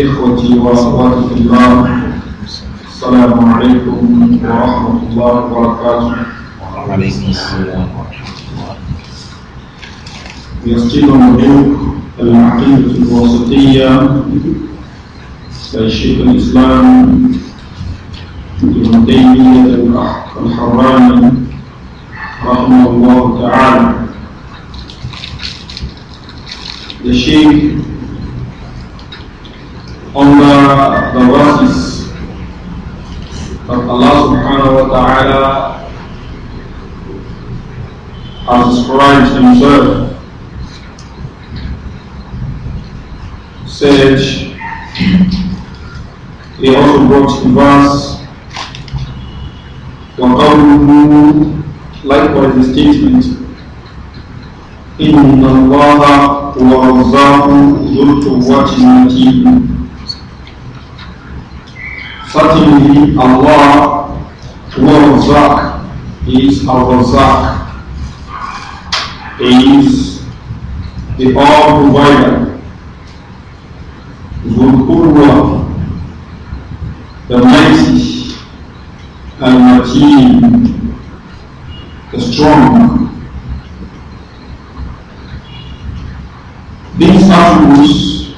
إخوتي وأخواتي في الله السلام عليكم ورحمة الله وبركاته وعليكم السلام ورحمة الله يسجد مدوك العقيدة الوسطية للشيخ الإسلام ابن تيمية الحراني رحمه الله تعالى الشيخ under the verses that Allah subhanahu wa ta'ala has described himself said he also brought to us, وقوله likewise the statement إن الله هو الرزاق ذو القوة Certainly, Allah, Al-Razaq, is Al-Razaq. is the All-Provider, Zul-Urwa, the Mighty, and the Team, the Strong. These attributes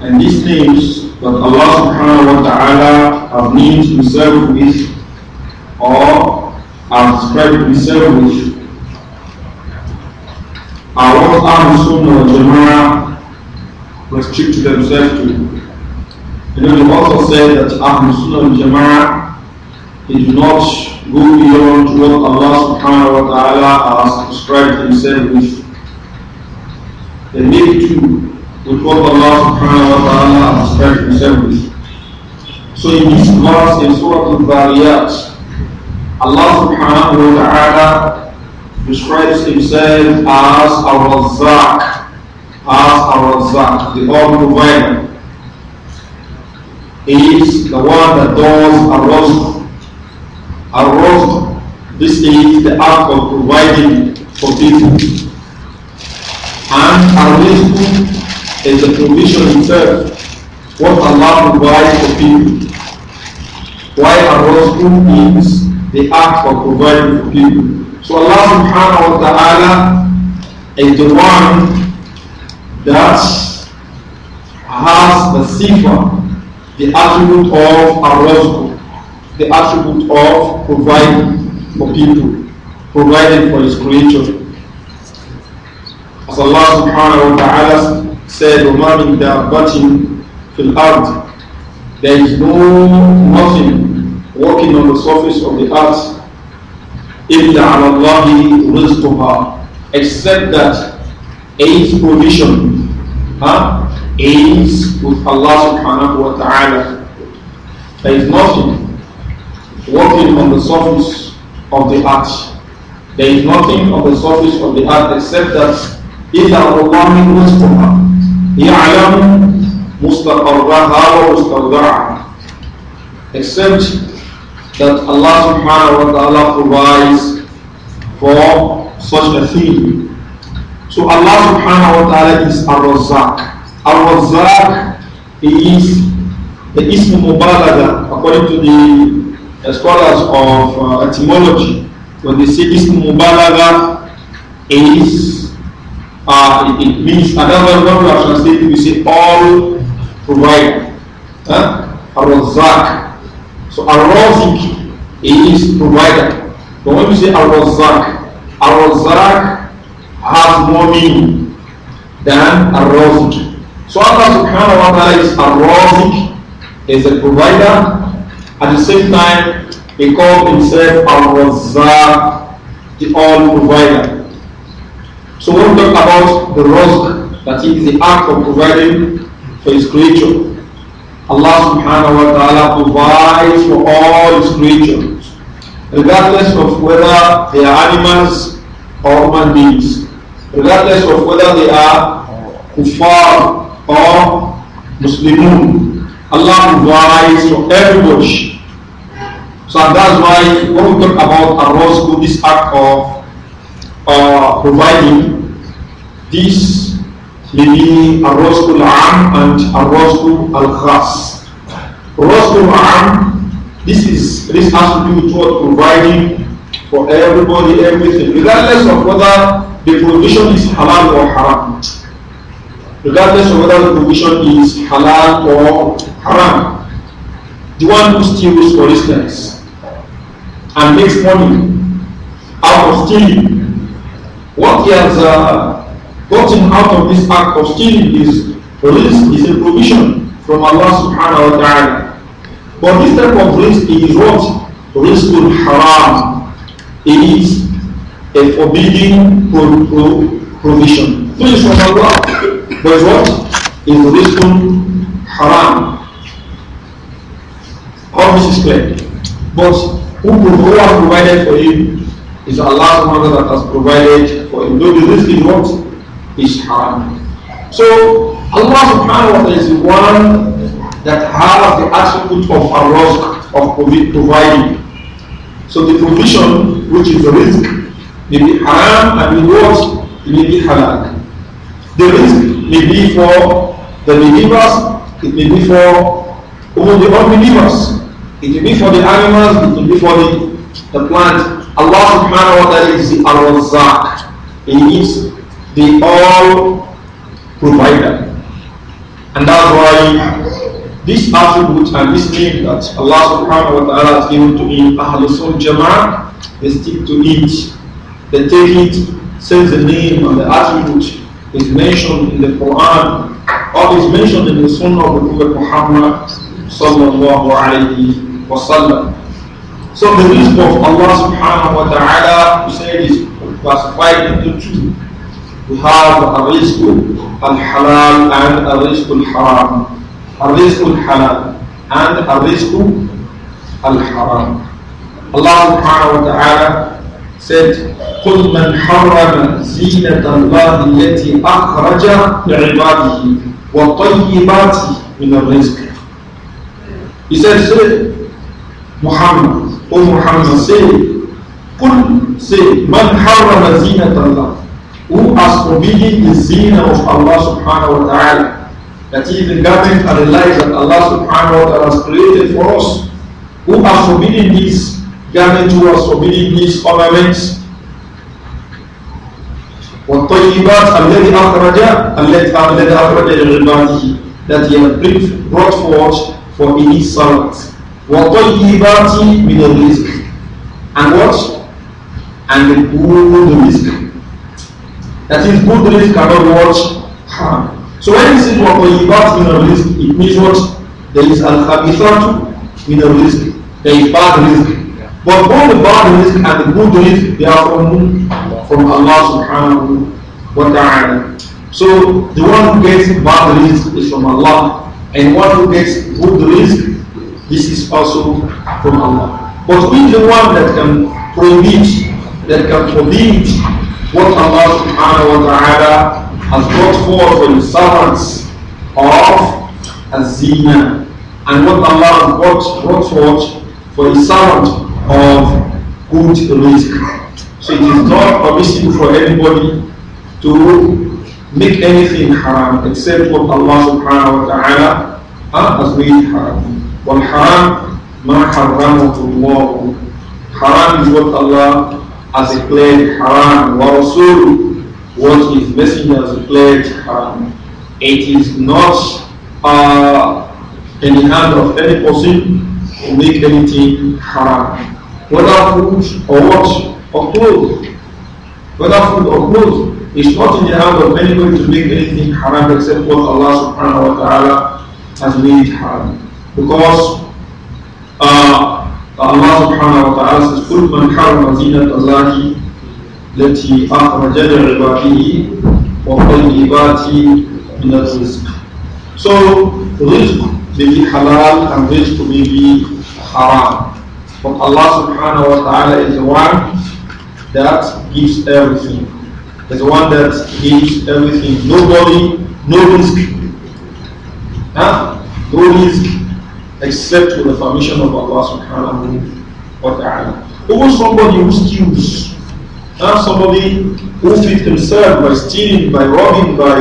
and these names that Allah subhanahu wa ta'ala has to serve with or has spread himself with. Our Ahl Sunnah and Jama'ah restrict themselves to. And then they also said that Ahl Sunnah and Jama'ah did not go beyond what Allah subhanahu wa ta'ala has prescribed himself with. They need to we quote Allah subhanahu wa ta'ala as perfect in service. So in this verse in Surah Al-Dhariyat, Allah subhanahu wa ta'ala describes himself as Al razzaq as Al razzaq the all-provider. He is the one that does Ar-Razq. Ar-Razq, this is the act of providing for people. And Ar-Rizq is the provision itself, what Allah provides for people. Why Ar-Razq means the act of providing for people. So Allah subhanahu wa ta'ala is the one that has the sifa, the attribute of ar the attribute of providing for people, providing for His creature. As Allah subhanahu wa ta'ala said, وَمَا مِنْ fil فِي الْأَرْضِ There is no nothing walking on the surface of the earth إِلَّا عَلَى اللَّهِ رِزْقُهَا Except that its provision huh, is with Allah subhanahu wa ta'ala. There is nothing walking on the surface of the earth. There is nothing on the surface of the earth except that إِلَّا عَلَى اللَّهِ رِزْقُهَا يعلم مستقرها ومستودعها except that Allah subhanahu wa ta'ala provides for such a thing. So Allah subhanahu wa ta'ala is Ar-Razzaq. Ar-Razzaq is the Ism Mubalaga according to the scholars of uh, etymology. When they say Ism Mubalaga is uh, it, it means, another that's why what we have translated, we say all provide. Huh? ar So ar is provider. But when we say Ar-Razak, has more meaning than ar So Allah subhanahu wa ta'ala is ar is a provider. At the same time, he called himself ar the all-provider. So when we talk about the rizq, that is the act of providing for his creature, Allah subhanahu wa ta'ala provides for all his creatures, regardless of whether they are animals or human beings, regardless of whether they are kuffar or muslimun. Allah provides for everybody. So that's why when we talk about a rosku, this act of uh, providing this maybe a Am and a Al Khas. Am, this is this has to do with what providing for everybody, everything, regardless of whether the provision is halal or haram. Regardless of whether the provision is halal or haram. The one who steals, for instance, and makes money out of stealing what he has uh, gotten out of this act of stealing is risk, is a provision from Allah subhanahu wa ta'ala. But this type of risk is what? Riskul haram. It is a forbidden pro pro provision. Please from Allah, but what? Is riskul haram. All this is clear. But who, provided for you it's Allah that has provided for him. Though the risk is what? Is haram. So Allah subhanahu wa ta'ala is the one that has the attribute of a risk of providing. So the provision, which is the risk, may be haram and may what? It may be halal. The risk may be for the believers, it may be for even the unbelievers, it may be for the animals, it may be for the, the plants, Allah subhanahu wa ta'ala is the al He is the all provider. And that's why this attribute and this name that Allah subhanahu wa ta'ala has given to him, Ahlul Jama'ah, they stick to it. They take it, since the name and the attribute is mentioned in the Quran or is mentioned in the Sunnah of the Prophet Muhammad sallallahu alayhi Wasallam. So the wisdom of Allah subhanahu wa ta'ala, who said is classified into two. We have a risk al-halal and a risk al-haram. A risk al-halal and a risk al-haram. Allah subhanahu wa ta'ala said, قل من حرم زينة الله التي أخرج لعباده وطيباته من الرزق. He said, Muhammad, Ô Muhammad, say, Qul, say, من حرم زينة الله Who has forbidden the zina of Allah subhanahu wa ta'ala? That is the garment and the light that Allah subhanahu wa ta'ala has created for us. Who has forbidden these garments Who has forbidden these ornaments? والطيبات الذي أخرج الذي أخرج لعباده that he has brought forth for his servants. وَطَيِّبَاتِ مِنَ الرِّزْقِ And what? And good risk. That is, good risk cannot watch harm. So when it says وَطَيِّبَاتِ مِنَ الرِّزْقِ, it means what? There is al-khabithatu min al-rizq. There is bad risk. But both the bad risk and the good risk they are from, from Allah subhanahu wa ta'ala. So the one who gets bad risk is from Allah. And one who gets good risk. This is also from Allah. But we the one that can prohibit, that can forbid what Allah subhanahu wa ta'ala has brought forth for the servants of Azina and what Allah brought, brought forth for the servant of good risk. So it is not permissible for anybody to make anything haram except what Allah subhanahu wa ta'ala uh, has made haram. والحرام ما حرمه الله Haram is what Allah has declared haram. Wa Rasul, what His Messenger has declared haram. It is not uh, in the hand of any person to make anything haram. Whether food or what or clothes. Whether food or clothes. It's not in the hand of anybody to make anything haram except what Allah subhanahu wa ta'ala has made haram. Because uh, Allah subhanahu wa ta'ala says, قُلْ مَنْ حَرَمَ زِينَةَ اللَّهِ التي أخرج لعباده وطيبات من الرزق. So, rizq may be halal and rizq may be haram. But Allah subhanahu wa ta'ala is the one that gives everything. Is the one that gives everything. Nobody, no risk. Huh? No risk except with the permission of Allah subhanahu wa ta'ala. over uh, somebody who steals, and somebody who feeds himself by stealing, by robbing, by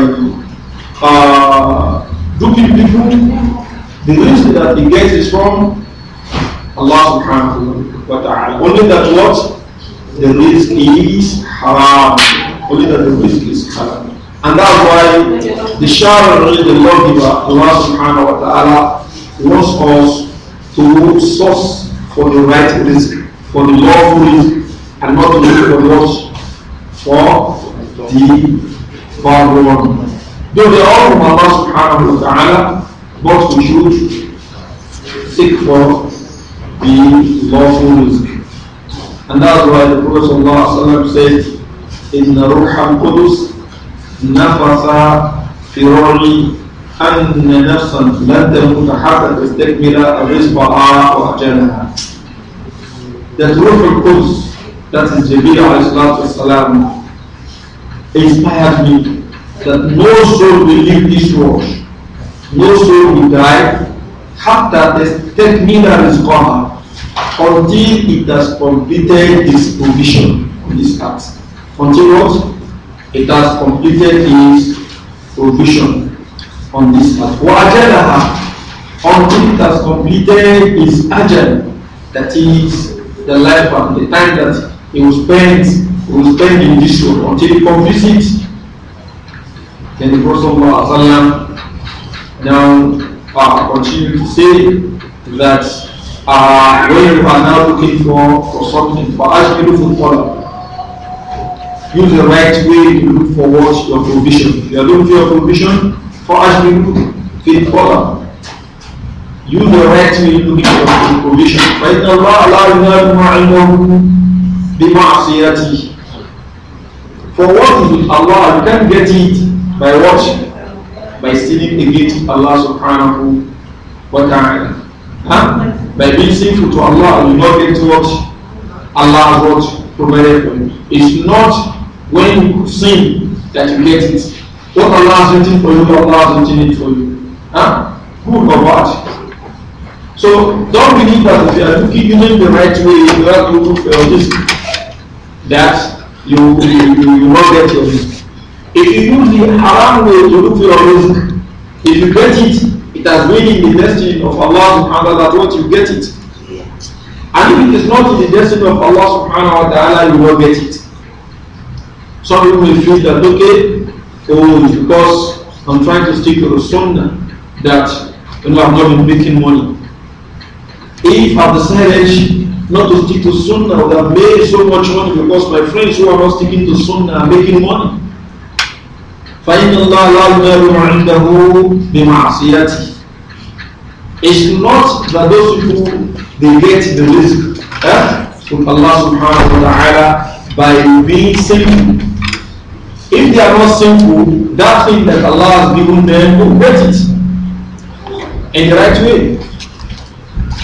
uh, duping people, the reason that he gets is from Allah subhanahu wa ta'ala. Only that what? The risk is haram. Only that the risk is haram. And that's why the Sharia, the lawgiver, Allah subhanahu wa ta'ala, wants us to source for the right reason, for the lawful reason, and not to look for us For the bad one. Though they are from Allah subhanahu wa ta'ala, but we should seek for the lawful reason. And that's why the Prophet ﷺ said, إن روح القدس نفث في روحي أن نفسا لن تموت حتى تستكمل رزقها وأجلها. That Ruh al-Quds, that is Jibreel والسلام, inspired me that no soul will leave this world, no soul will die حتى تستكمل رزقها until it has completed its provision on this earth. Until what? It has completed its provision on this matter. وَأَجَلَهَا Until it has completed his ajal, that is the life and the time that he will spend, will spend in this world until he completes it. Then the Prophet now uh, continue to say that uh, when you are now looking for, for something, for as beautiful color, use the right way to look for what your provision. you are looking for your provision, For فأجملوا في الطلب You to directly looking for the provision. فإن الله لا ينال ما عنده بمعصيته. For what is with Allah, you can't get it by what? By stealing against Allah subhanahu wa ta'ala. Huh? By being sinful to Allah, you not get what Allah has what provided for you. It's not when you sin that you get it. Don't allow is waiting for you, Allah is waiting it for you. Ah, Good or bad. So don't believe that if you are looking using the right way, you are to look for this, that you, you, you, will not get your risk. If you use the haram way to look for your risk, if you get it, it has been in the destiny of Allah subhanahu wa ta'ala that you get it. And if it is not in the destiny of Allah subhanahu wa ta'ala, you will get it. Some people may feel that, okay, oh, because I'm trying to stick to the sunnah that you know, I'm not making money. If I decided not to stick to sunnah, I would have made so much money because my friends who are not sticking to sunnah are making money. فإن الله لا يضر عنده بمعصيته It's not that those people they get the risk eh, from Allah subhanahu wa ta'ala by being simple. If they are not sinful, that thing that Allah has given them oh, will get it in the right way.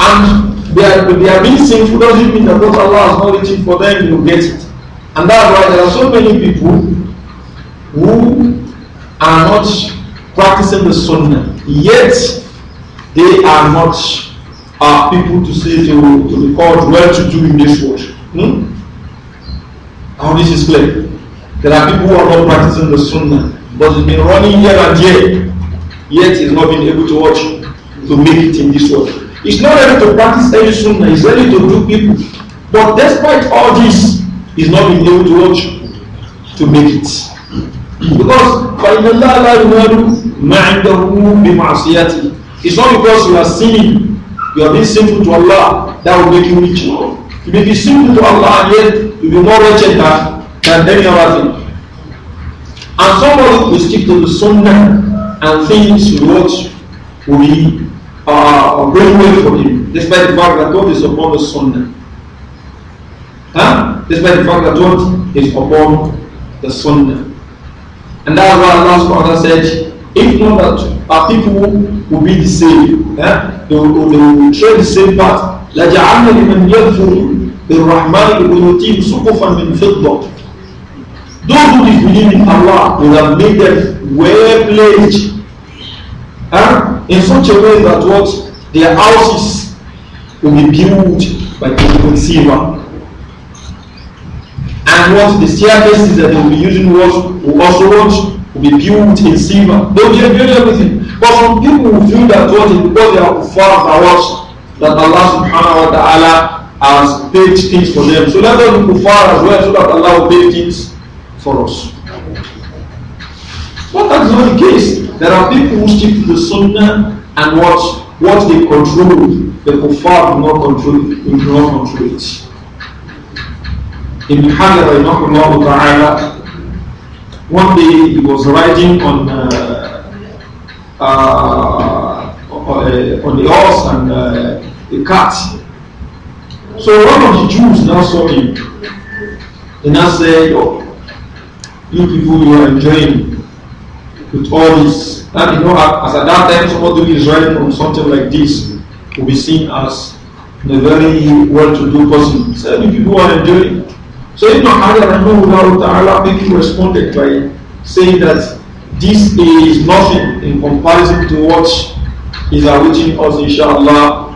And they are, they are being sinful doesn't mean that what Allah has not written for them, they will get it. And that's why there are so many people who are not practicing the sunnah, yet they are not uh, people to say to, to be called well to do in this world. Hmm? Now this is clear. There are people who are not practicing the sunnah, but it's been running year and year, yet he's not been able to watch to make it in this world. He's not ready to practice any sunnah, he's ready to do people. But despite all this, he's not been able to watch to make it. Because فَإِنَّ اللَّهَ لَا يُنَادُ مَا عِنْدَهُ بِمَعْصِيَتِهِ It's not because you are sinning, you are being sinful to Allah, that will make you rich. You may be sinful to Allah, and yet you will be more wretched than than any other thing. And somebody will stick to the sunnah and things which we are uh, bring way for him, despite the fact that God is upon the sunnah. Huh? Despite the fact that God is upon the sunnah. And that's why Allah subhanahu said, if not that our people will be the same, they, will, they will tread the same path. لَجَعَلْنَا لِمَنْ بِالرَّحْمَنِ سُقُفًا مِنْ فِضَّةٍ those who disbelieve in Allah will have made them well placed huh? in such a way that what their houses will be built by the conceiver. And what the staircases that they will be using was will also will be built in silver. They will be building everything. But some people will feel that what is because they are far are that Allah subhanahu wa ta'ala has paid things for them. So let them be far as well so that Allah will pay things for us. But that's not the case. There are people who stick to the Sunnah and what what they control, the kuffar do not control, do not control it. Ibn Hajar rahimahullah ta'ala, one day he was riding on uh, uh, on uh, the horse and uh, cat. So one of the Jews now saw him. And I said, oh, you people you are enjoying with all this. That you know, as at that time, somebody who is writing on something like this will be seen as a very well-to-do person. So many people are enjoying. So Ibn Hajar Rahimahullah Ta'ala quickly responded by saying that this is nothing in comparison to what is awaiting us inshallah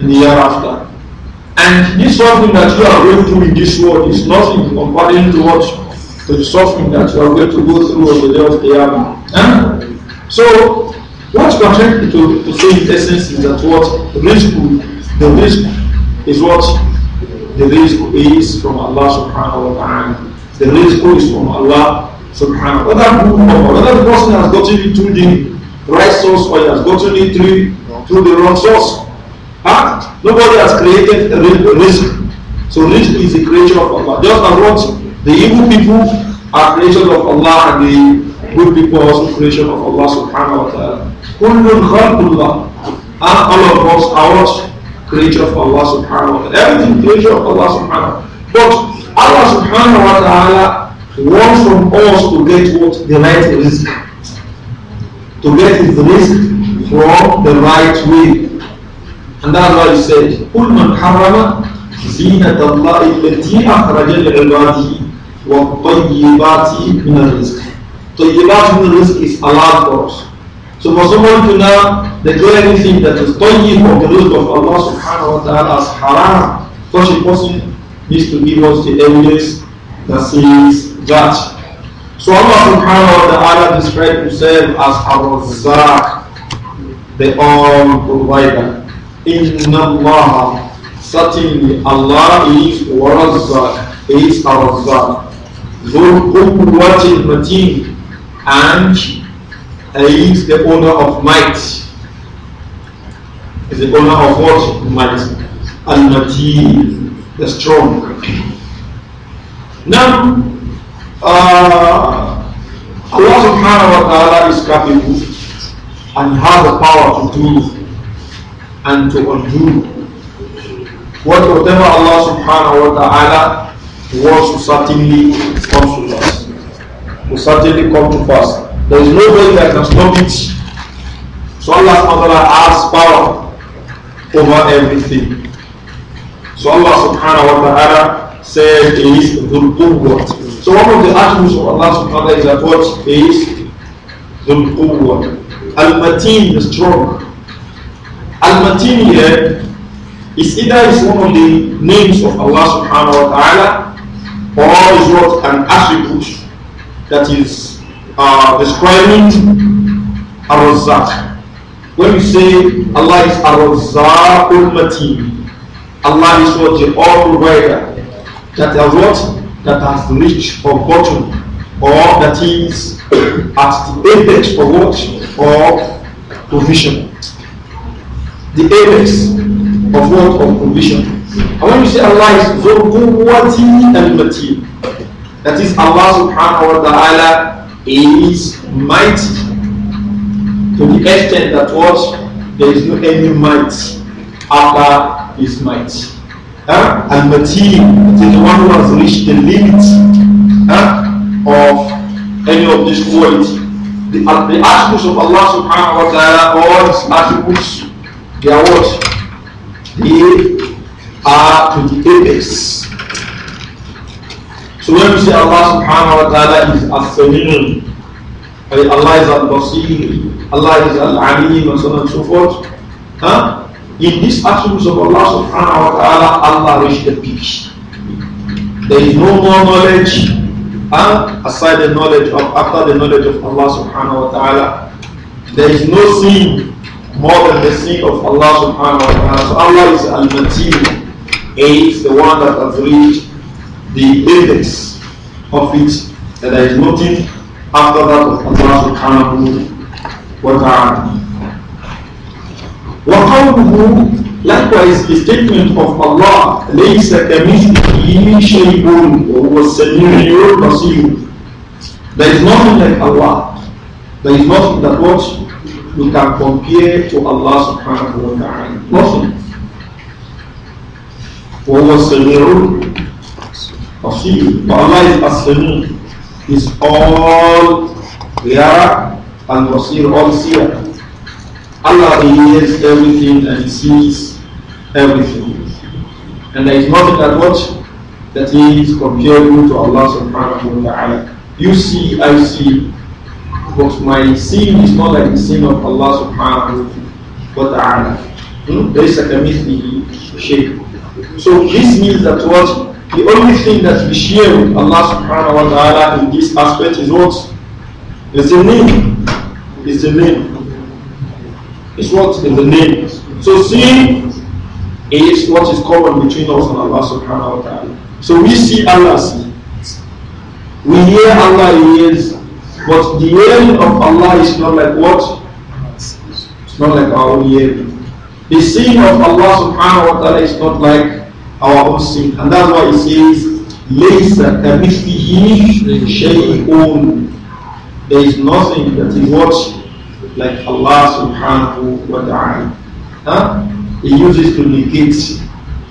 in the year after. And this one thing that you are going through in this world is nothing in comparison to what the suffering that you are going to go through on the day of the Huh? So, what you are trying to, to say in essence is that what risk, the risk is what the risk is from Allah subhanahu wa ta'ala. The risk is from Allah subhanahu wa ta'ala. Whether the person has gotten it through the right source or he has gotten it through, through the wrong source. Huh? Nobody has created a risk. So risk is a creature of Allah. Just as what the evil people are creation of Allah and the good people are also creation of Allah subhanahu wa ta'ala. Kullun khalqullah. And all of us are what? Creature of Allah subhanahu wa ta'ala. Everything creation of Allah subhanahu wa ta'ala. But Allah subhanahu wa ta'ala wants from us to get what? The right risk. To get his risk from the right way. And that's why he said, قُلْ مَنْ حَرَّمَ زِينَةَ اللَّهِ الَّتِي أَخْرَجَ لِعِبَادِهِ وَالطَّيِّبَاتِ مِنَ الرِّزْقِ طَيِّبَاتِ مِنَ الرِّزْقِ is allowed for us. So for someone to now declare anything that is tayyib of the rizq of Allah subhanahu wa ta'ala as haram, such a person needs to give us the evidence that says that. So Allah subhanahu wa ta'ala described himself as Ar-Razzaq, the all-provider. Inna Allah, certainly Allah is Warazzaq, is Ar-Razzaq. Dhul Quwwatil Mateen, and he is the owner of might. Is the owner of what? Might. and Mateen, the strong. Now, uh, Allah subhanahu wa ta'ala is capable and has the power to do and to undo whatever Allah subhanahu wa ta'ala wants to certainly comes to us will certainly come to pass. There is no way that can stop it. So Allah subhanahu wa Taala has power over everything. So Allah subhanahu wa ta'ala said he is Dhul Quwwat. So one of the attributes of Allah subhanahu wa ta'ala is that what he is Dhul Quwwat. Al-Mateen the strong. Al-Mateen here is either is one of the names of Allah subhanahu wa ta'ala Or is what an attribute that is uh, describing Ar-Razzaq. When we say Allah is Ar-Razzaqul Mateen, Allah is what the all-provider that has what? That has reached or bottom or that is at the apex of what? Or provision. The apex of what? Of provision. And when you say Allah is Zulquwati al Mateen, that is Allah subhanahu wa ta'ala is mighty to the extent that was, there is no any might after his might. Huh? Al Mateen is the one who has reached the limit huh, of any of this quality. The, uh, the attributes of Allah subhanahu wa ta'ala, all his attributes, they are what? They are to the apex. So when we say Allah subhanahu wa ta'ala is as-samin, Allah is al-basir, Allah is al-alim, and so on and so forth, huh? in these attributes of Allah subhanahu wa ta'ala, Allah reached the peak. There is no more knowledge huh? aside the knowledge of, after the knowledge of Allah subhanahu wa ta'ala. There is no sin more than the sin of Allah subhanahu wa ta'ala. So Allah is al-mateen is the one that has reached the apex of it, and there is nothing after that of Allah subhanahu wa ta'ala. وقوله likewise the statement of Allah lays a شيء or السميع البصير there is nothing like Allah there is nothing that what we can compare to Allah subhanahu wa ta'ala nothing وهو السميع بصير but Allah is as-sami all hearer and basir all seer Allah hears everything and sees everything and there is nothing that what that is comparable to Allah subhanahu wa ta'ala you see I see but my sin is not like the sin of Allah subhanahu wa ta'ala ليس the شيء so this means that what the only thing that we share with Allah subhanahu wa ta'ala in this aspect is what? Is the name. Is the name. Is what? Is the name. So see is what is common between us and Allah subhanahu wa ta'ala. So we see Allah see. We hear Allah is, But the hearing of Allah is not like what? It's not like our hearing. The seeing of Allah subhanahu wa ta'ala is not like our own sin. And that's why it says, لَيْسَ كَمِثْلِهِ There is nothing that is what? Like Allah subhanahu wa ta'ala. Huh? He uses to negate.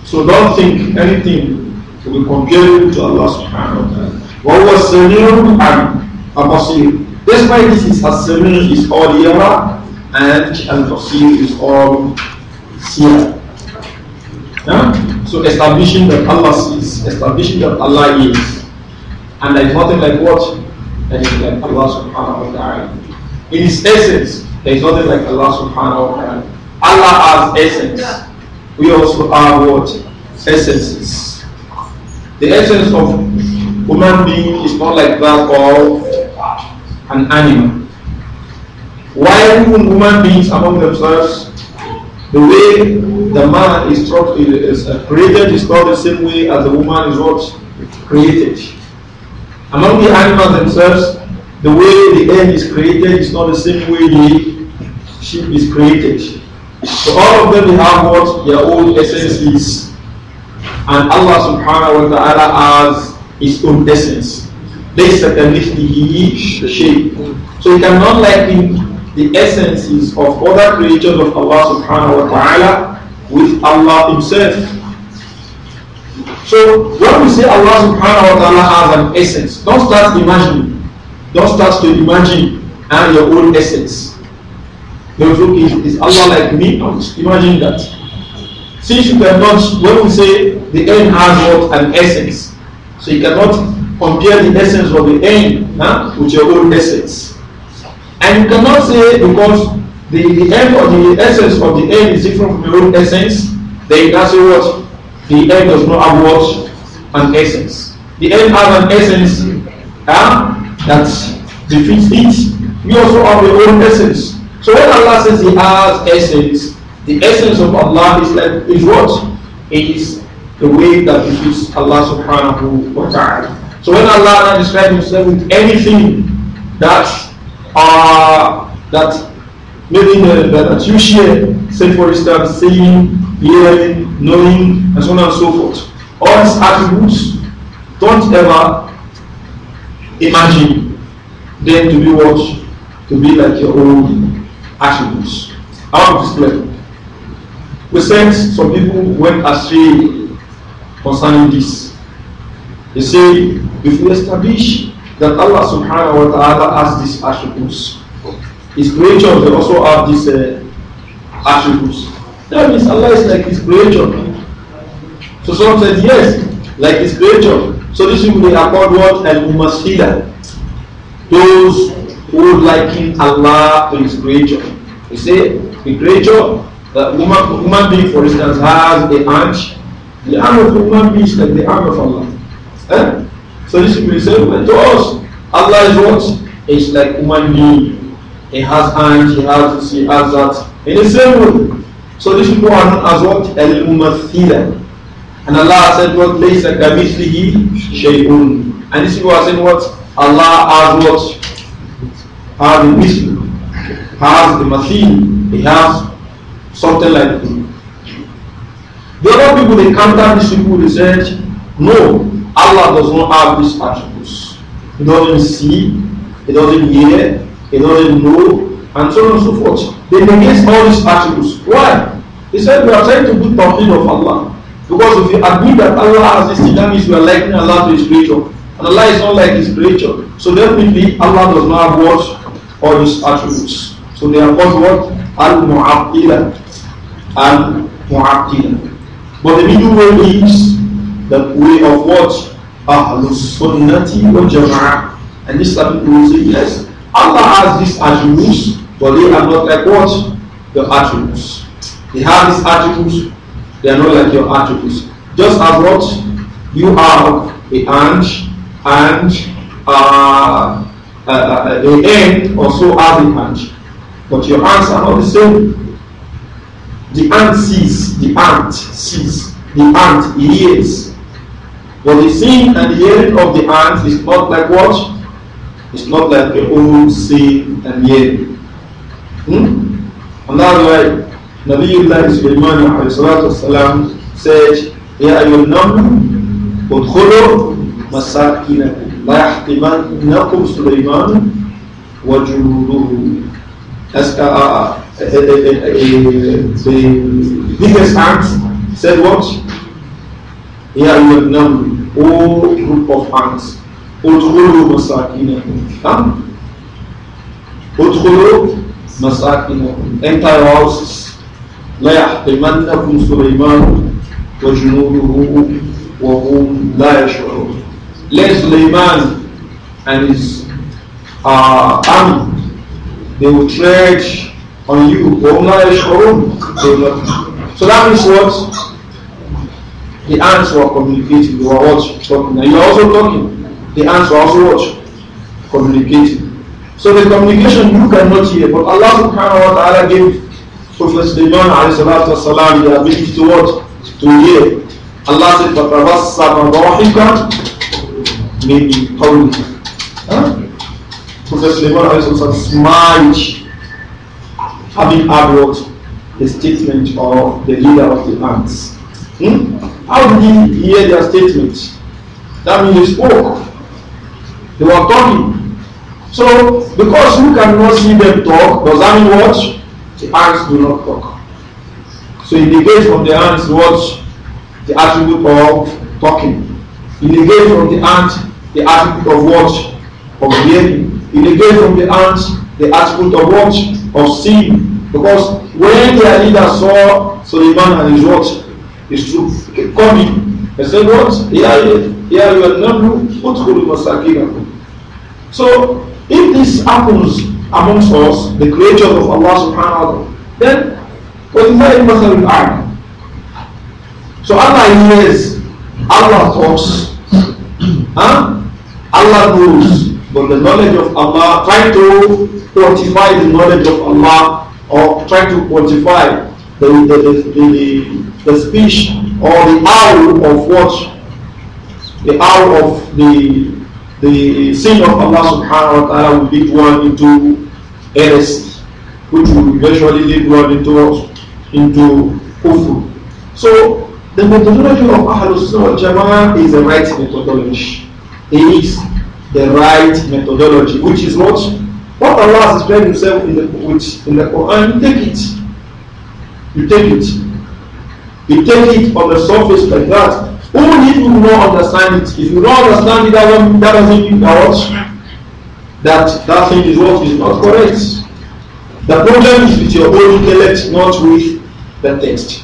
So don't think anything to be compared to Allah subhanahu wa ta'ala. What وَهُوَ السَّمِيعُ That's why this, is a is all hearer and al is all seer. Huh? So establishing that Allah is, establishing that Allah is. And there is nothing like what? That is like Allah subhanahu wa ta'ala. In his essence, there is nothing like Allah subhanahu wa ta'ala. Allah has essence. We also have what? Essences. The essence of human being is not like that of an animal. Why do human beings among themselves, the way the man is, is uh, created is not the same way as the woman is what created. Among the animals themselves, the way the egg is created is not the same way the sheep is created. So all of them have what their own essence is. And Allah subhanahu wa ta'ala has his own essence. They This the shape. So you cannot liken the essences of other creatures of Allah subhanahu wa ta'ala with Allah Himself. So when we say Allah subhanahu wa ta'ala has an essence, don't start imagining. Don't start to imagine uh, your own essence. Don't look, is, is Allah like me? No, imagine that. Since you cannot, when we say the end has what an essence, so you cannot compare the essence of the end huh, with your own essence. And you cannot say because the, the end or the essence of the end is different from your own essence, then that's what the end does not have what an essence. The end has an essence that defeats it. We also have our own essence. So when Allah says He has essence, the essence of Allah is like is what is the way that defeats Allah Subhanahu wa Taala. So when Allah describes Himself with anything that uh, that Maybe the, that, you share, say for instance, seeing, hearing, knowing, and so on and so forth. All these attributes, don't ever imagine them to be what? To be like your own attributes. Out of explain? We sent some people went astray concerning this. They say, if we establish that Allah subhanahu wa ta'ala has these attributes, his creation, they also have these uh, attributes. That means Allah is like His creation. So some said, yes, like His creation. So this people they are called what? Al that Those who liken Allah to His creation. You see, the creature, the woman, human being, for instance, has a hand. The arm of the human being is like the arm of Allah. Eh? So this the same well, to us, Allah is what? It's like human being he has hands, he has this, he has that. In the same way. So these people are known as what? Al-Mumathila. And Allah said what? Laysa he shay'un. And these people are saying what? Allah has what? Has the misl. Has the mathil. He has something like this. The other people, they come down. these people, they said, no, Allah does not have these attributes. He doesn't see, he doesn't hear, in order to know, and so on and so forth. They negate all these attributes. Why? He said, We are trying to do tawhid of Allah. Because if you admit that Allah has this dynamics, we are likening Allah to His creature. And Allah is not like His creature. So definitely, Allah does not have what? All His attributes. So they are called what? Al-Mu'abdila. Al-Mu'abdila. But the middle way is the way of what? Ahlus Sunnati wa Jama'ah. And this is people who say, yes, Allah has these attributes, but they are not like what? The attributes. They have these attributes, they are not like your attributes. Just as what you have a hand and uh, uh, uh, a hand also has a hand, but your hands are not the same. The ant sees, the ant sees, the ant hears. But the seeing and the hearing of the ant is not like what it's not like the old sea and yen. Hmm? And that's why Nabiullah Sulaiman said, "Ya أيها النمل ادخلوا مساكنكم لا يحطمنكم سليمان وجنوده as uh uh, uh, uh, uh, the biggest ants said what? Ya you have number, all group of ants. ادخلوا مساكنكم ادخلوا مساكنكم enter your لا يحطمنكم سليمان وجنوده وهم لا يشعرون let Suleiman and his uh, army they will tread on you وهم لا يشعرون so that means what the ants were communicating they were what talking and you are also talking the answer were also what? Communicating. So the communication you cannot hear, but Allah subhanahu wa ta'ala gave Prophet Sulaiman والسلام, the ability to what? To hear. Allah said, فَتَبَسَّمَ ضَاحِكًا مِنْ قَوْلِهِ huh? Prophet Sulaiman والسلام, smiled having heard what? The statement of the leader of the ants. Hmm? How did he hear their statement? That means he spoke. They were talking. So, because you cannot see them talk, does that mean what? The hands do not talk. So, it negates from the hands what? The attribute of talking. It negates from the hands the attribute of what? Of hearing. It negates from the hands the attribute of what? Of seeing. Because when their leader saw Suleiman and his watch, His stood coming, they said, What? Here, here you are not, put Masakinakum. So if this happens amongst us, the creatures of Allah subhanahu wa ta'ala, then what is that in Arab? So Allah hears, Allah talks, huh? Allah knows, but the knowledge of Allah, try to quantify the knowledge of Allah or try to quantify the, the, the, the, the speech or the hour of what? The hour of the the sin of Allah subhanahu wa ta'ala will lead one into heresy, which will eventually lead one into, into kufr. So the methodology of Ahlul Sunnah Jama'ah is the right methodology. It is the right methodology, which is what what Allah has explained Himself in the which in the Quran. You take it, you take it, you take it on the surface like that. Who if you do not understand it, if you don't understand it, that doesn't, that doesn't mean that what, that that thing is what is not correct. The problem is with your own intellect, not with the text.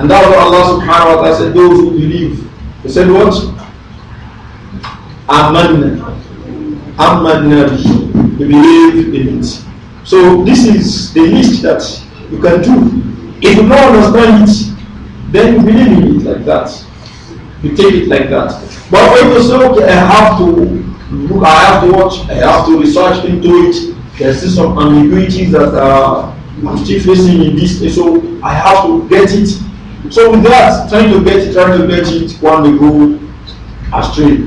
And that's what Allah subhanahu wa ta'ala said, those who believe. He said what? Aman. Aman Nabi. We believe in it. So this is the list that you can do. If you don't understand it, then you believe in it like that. You take it like that. But when you say, okay, I have to, I have to watch, I have to research into it. There's still some ambiguities that uh, I'm still facing in this, so I have to get it. So with that, trying to get it, trying to get it, one will go astray.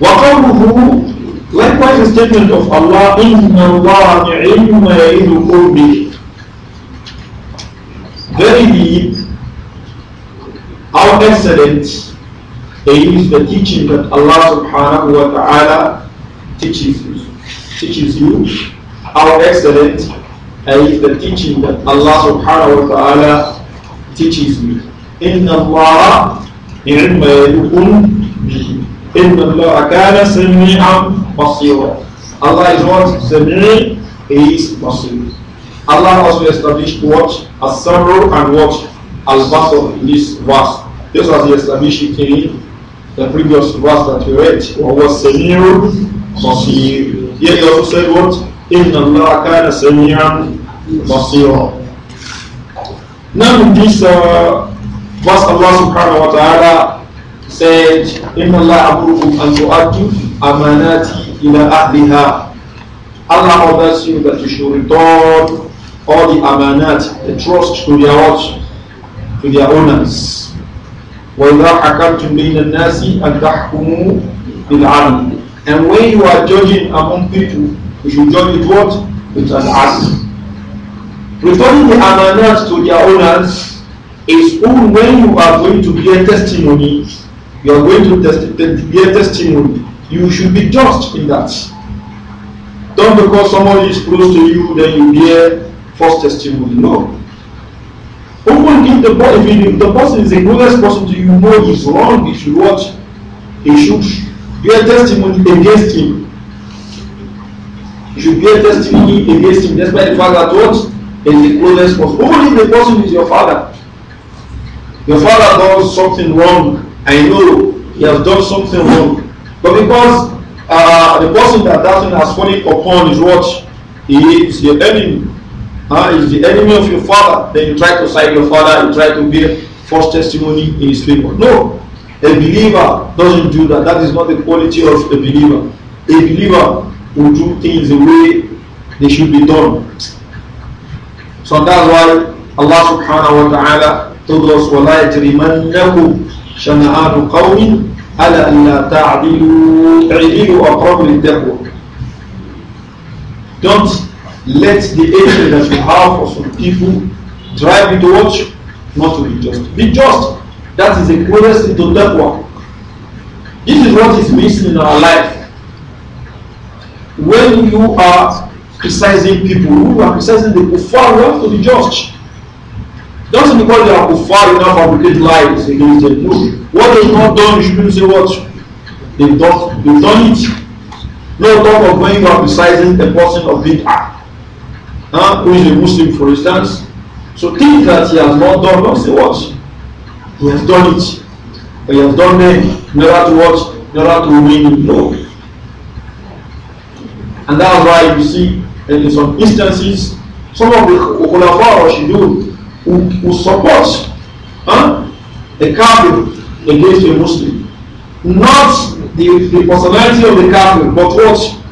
وقوله likewise the statement of Allah إن الله علم ما يدكم به very deep, how excellent is the teaching that Allah subhanahu wa ta'ala teaches you. Teaches you how excellent is the teaching that Allah subhanahu wa ta'ala teaches you. إن الله نعم يدخل bihi. Inna Allah كان سميعا بصيرا Allah is what? Samir is Basir. Allah also established what? as several and what? Al-basr in this verse. This was the Islamic in the previous verse that we read. was Samiru Basir. Here he also said what? Inna Allah kana Samiran Basira. Now in this uh, verse Allah subhanahu wa ta'ala said Inna Allah Abu an tu'addu amanati ila ahliha. Allah orders you that you should return all the amanat, the trust to their what? To their owners. وَإِذَا حَكَمْتُمْ بَيْنَ النَّاسِ أَنْ تَحْكُمُوا بِالْعَدْلِ And when you are judging among people, you should judge with what? With an act. Returning the amanat to their owners is only when you are going to bear testimony. You are going to test bear testimony. You should be just in that. Don't because somebody is close to you, then you bear false testimony. No. Even if the, if the person is a closest person to you, know he's wrong, he should watch, he should bear testimony against him. You should bear testimony against him, despite the fact that what is the closest person. Only the person is your father, your father does something wrong. I know he has done something wrong. But because uh, the person that that thing has fallen upon is what? He is your enemy. uh, is the enemy of your father, then you try to side your father, you try to be false testimony in his favor. No, a believer doesn't do that. That is not the quality of a believer. A believer will do things the way they should be done. So that's why Allah subhanahu wa ta'ala told us, وَلَا يَجْرِمَنَّكُمْ شَنَآنُ قَوْمٍ أَلَا أَلَّا تَعْدِلُوا أَقْرَبُ لِلتَّقْوَى Don't let the hatred that you have for some people drive you to what? Not to be just. Be just. That is the closest to one. This is what is missing in our life. When you are criticizing people, who are criticizing the kuffar, you have to be just. Doesn't because they are kuffar, you have fabricate lies against them. No. What they've not done, you shouldn't say what they've done. They've done it. No talk of when you are criticizing a person of bid'ah. huh, who is a Muslim, for instance. So things that he has not done, don't say what? He has done it. Or he has done them in order to what? In order to win. No. And that's why you see that in some instances, some of the Khulafa Rashidun who, who support huh, a Kafir against a Muslim. Not the, the personality of the Kafir, but what?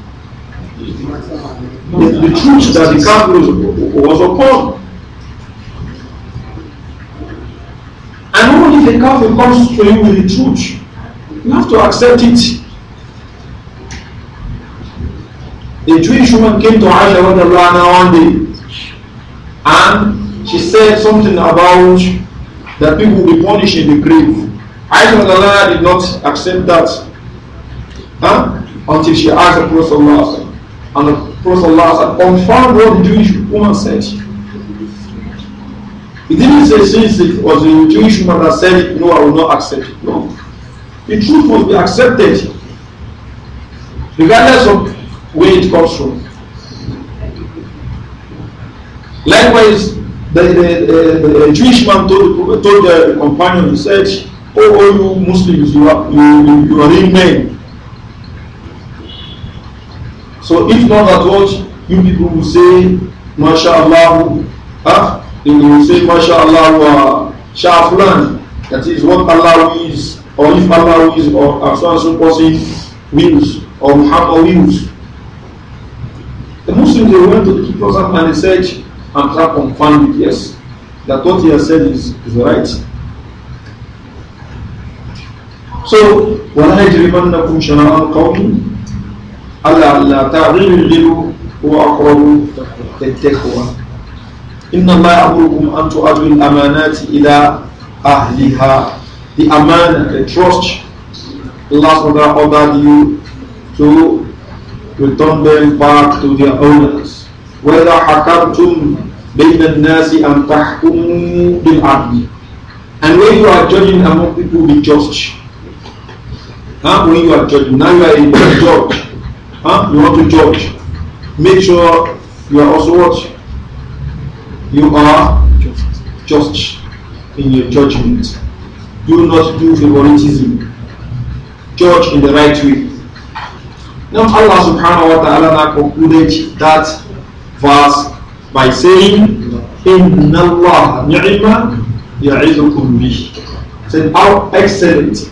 the, the truth that the Catholic was upon. And only the Catholic comes to you with the truth. You have to accept it. The Jewish woman came to Aisha one day and she said something about that people will be punished in the grave. Aisha did not accept that huh? until she asked the Prophet and Prophet confirmed what the Jewish woman said. He didn't say since it was the Jewish woman that said it, no, I will not accept it. No. The truth will be accepted regardless of where it comes from. Likewise, the, the, the, the Jewish man told, told the companion, he said, Oh, oh you Muslims, you are, you, you are men. So if not that what you people will say, MashaAllah, huh? they will say, MashaAllah, uh, Sha'aflan, that is what Allah is, or if Allah is, or as far as so person wills, or Muhammad means. The Muslims, they went to the people and they said, and try confirmed it, yes, that what he has said is, is right. So, وَلَا يَجْرِمَنَّكُمْ شَنَعَانُ قَوْمٍ على تعظيم الجن هو أقرب للتقوى إن الله يأمركم أن تؤدوا الأمانات إلى أهلها the amana, the trust Allah SWT ordered you to return them back to their owners whether حكمتم بين الناس أن تحكموا بالعدل and when you are judging among people be just huh? when you are judging now you are a judge Huh? You want to judge. Make sure you are also what? You are just in your judgment. Do not do favoritism. Judge in the right way. Now Allah subhanahu wa ta'ala concluded that verse by saying, Inna Allah ni'ma ya'idukum bih. Said, how excellent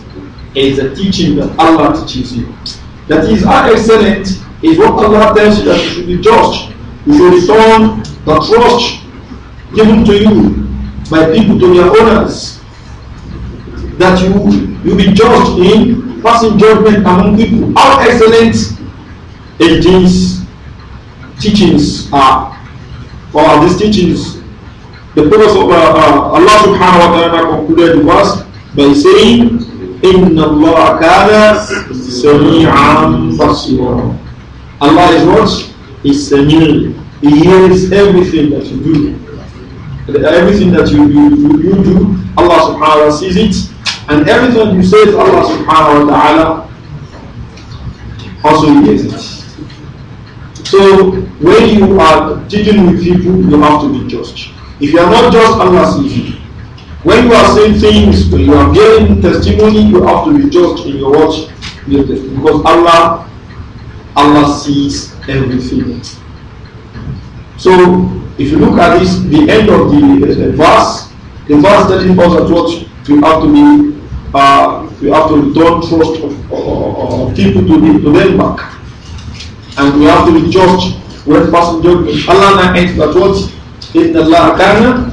is the teaching that Allah teaches you. That is how excellent is what Allah tells you that you should be judged. You should return the trust given to you by people to their owners. That you you be judged in passing judgment among people. How excellent is these teachings are, or these teachings. The purpose of uh, uh, Allah subhanahu wa ta'ala concluded the verse by saying, Inna Allah كَانَ سَمِيعًا بَصِيرًا Allah is what? He's Samir. He hears everything that you do. And everything that you, you, you, do, Allah subhanahu wa ta'ala sees it. And everything you say to Allah subhanahu wa ta'ala also hears it. So when you are dealing with people, you have to be just. If you are not just, Allah sees you. When you are saying things, when you are giving testimony, you have to be judged in your watch because Allah, Allah sees everything. So, if you look at this, the end of the, uh, verse, the verse telling us that what we have to be, uh, we have to don't trust of, of, of people to be to them back, and we have to be judged when passing judgment. Allah now ends that what in the Allah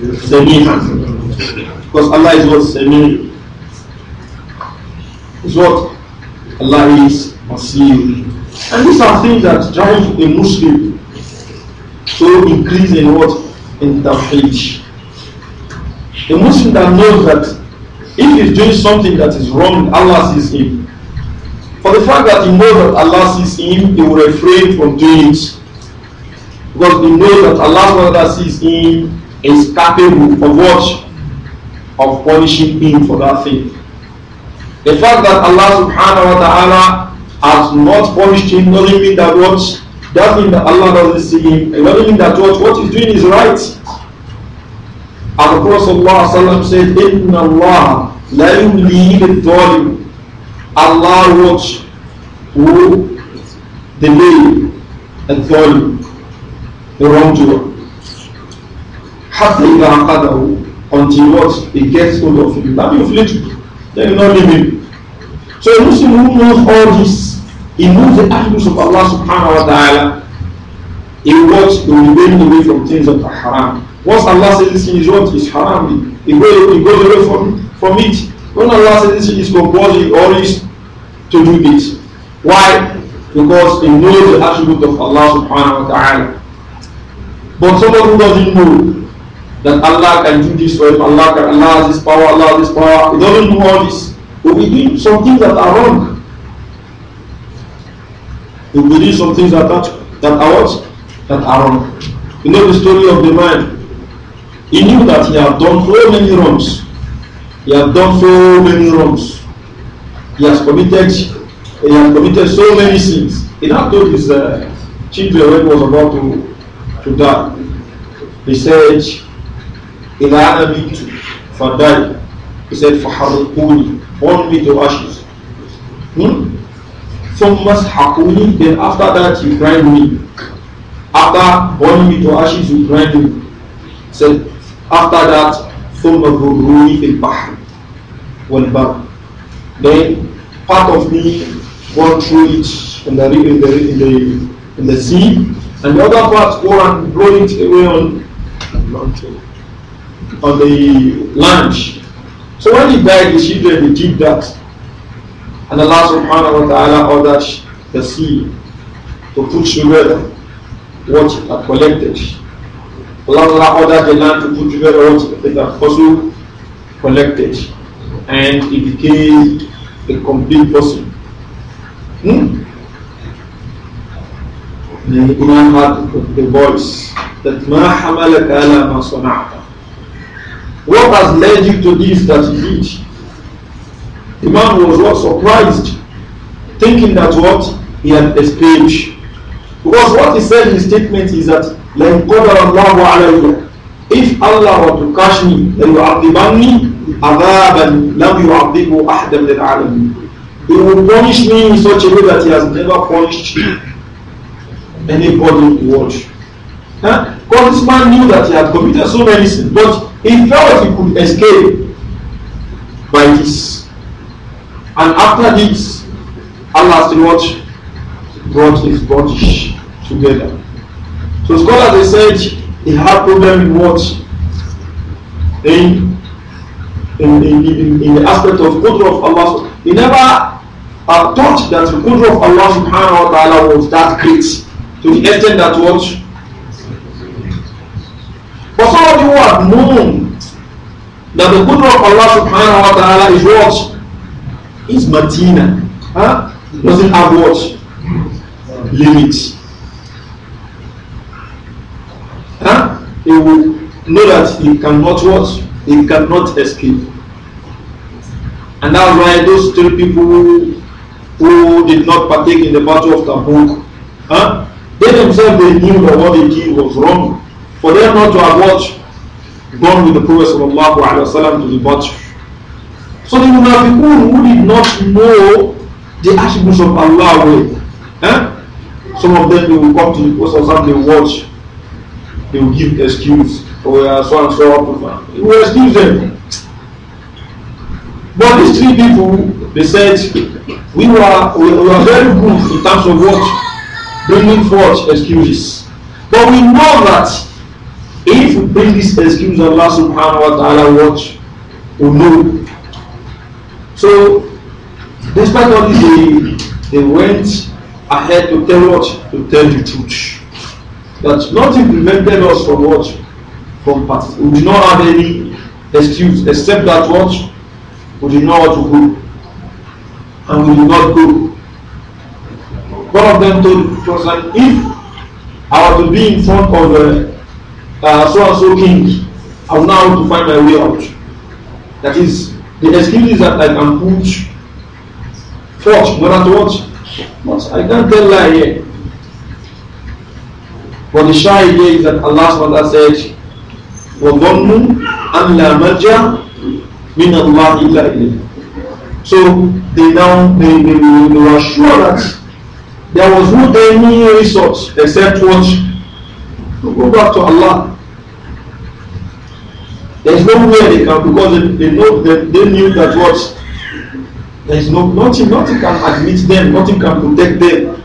Sami'an. Because Allah is what Sami' is what Allah is Basir. And these are things that drive a Muslim to increase in what? In tawheed. A Muslim that knows that if he's doing something that is wrong, Allah sees him. For the fact that he knows that Allah sees him, he will refrain from doing it. Because he knows that Allah sees him is capable of what? Of punishing him for that thing. The fact that Allah subhanahu wa ta'ala has not punished him doesn't mean that what doesn't mean that Allah doesn't see him. It doesn't mean that what, what he's doing is right. Our Prophet Allah said, Inna Allah la yumlihi dhalim Allah watch who delay the dhalim, the wrongdoer. After until what he gets hold of you. That you've lived, then you're not living. So a Muslim who knows all this, he knows the attributes of Allah subhanahu wa ta'ala. He watch the remain away from things that are haram. Once Allah says this thing is what is haram, he goes, he goes away from, from it. When Allah says this thing is compulsory, he always to do it. Why? Because he knows the attribute of Allah subhanahu wa ta'ala. But someone who doesn't know, that Allah can do this, for him, Allah can Allah has this power, Allah has this power. He doesn't do all this. But we do some things that are wrong. We do some things that are that are what? That are wrong. You know the story of the man. He knew that he had done so many wrongs. He had done so many wrongs. He has committed he has committed so many sins. He now told his uh, children when he was about to, to die. He said, إِذَا أَنَا بِيتُ فَدَّلِ He said, فَحَرِقُونِ Burn me to ashes. Hmm? ثُمَّ اسْحَقُونِ Then after that, you grind me. After burning me to ashes, you grind me. He said, after that, ثُمَّ غُرُّونِ فِي الْبَحْرِ والبر. Then part of me go through it in the, in the, in the, in the sea, and the other part go and blow it away on the mountain. on the land. So when he died, the children they did that. And Allah subhanahu wa ta'ala ordered the sea to put together what it had collected. Allah ordered the land to put together what it had also collected. And it became a complete person. Hmm? The Imam had the voice that ma hamalaka ala ma صنعت What has led you to this that you did? The man was what surprised, thinking that what he had escaped. Because what he said in his statement is that if Allah were to catch me, then you abdibanni adhaban lam yu'adhibu ahadam lil alamin. He will punish me in such a way that he has never punished anybody in the world. Huh? Because this man knew that he had committed so many sins, but he felt he could escape by this. And after this, Allah's Lord brought his body together. So scholars they said he had problem in what? In in, in, in, in the aspect of Qudra of Allah. He never uh, thought that the Qudra of Allah subhanahu wa ta'ala was that great to the extent that what for some of you who have known that the good of Allah subhanahu wa ta'ala is what? Is Matina. Huh? Doesn't have what? Limit. Huh? He will know that he cannot what? He cannot escape. And that's why those three people who, who did not partake in the battle of Tabuk, huh? they themselves they knew that what they did was wrong. For them not to have watched, gone with the Prophet وسلم, to the battle. So the Munafiqun who did not know the attributes of Allah Eh? Some of them they will come to the Prophet and they watch, they will give excuse. Oh yeah, so and so oh, He will excuse them. But these three people, they said, we were, we were very good in terms of what? Bringing forth excuses. But we know that if we bring this excuse, Allah subhanahu wa ta'ala watch we know. So despite all this they, they went ahead to tell what? To tell the truth. That nothing prevented us from what? From past. We did not have any excuse except that what? We did not want to go. And we did not go. One of them told the person, if I were to be in front of a uh, uh, so and so king. I now to find my way out. That is, the excuses that I can put forth but at what? But I can't tell lie here. But the shy idea is that Allah Taala said, وَظَنُّوا أَنْ لَا Majah مِنَ اللَّهِ إِلَّا إِلَيْهِ So they now, they, they, they were sure that there was no any resource except what to go back to Allah. There is no way they can because they, they know they, they knew that what there is no nothing nothing can admit them, nothing can protect them,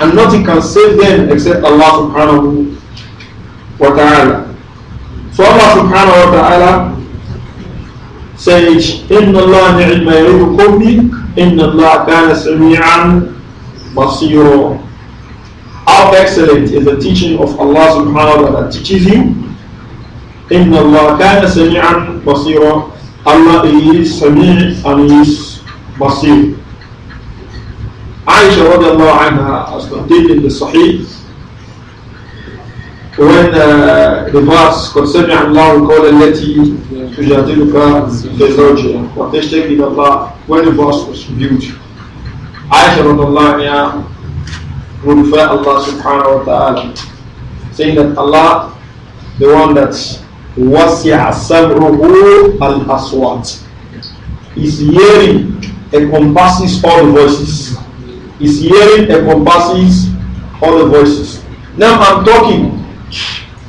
and nothing can save them except Allah subhanahu wa ta'ala. So Allah subhanahu wa ta'ala says, إِنَّ Allah ni'ma ya'idukum bi, Inna Allah kana sami'an basira. How excellent is the teaching of Allah subhanahu wa ta'ala teaches you? Inna Allah kana sami'an basira. Allah is sami' and is basir. Aisha radiallahu anha has contained in the Sahih when uh, the verse قد سمع الله قول التي تجادلك في زوجها وتشتكي إلى الله when the verse was reviewed Aisha radiallahu anha glorify Allah subhanahu wa ta'ala. Saying that Allah, the one that wasi'a sabruhu al-aswat. is hearing encompasses all the voices. Is hearing encompasses all the voices. Now I'm talking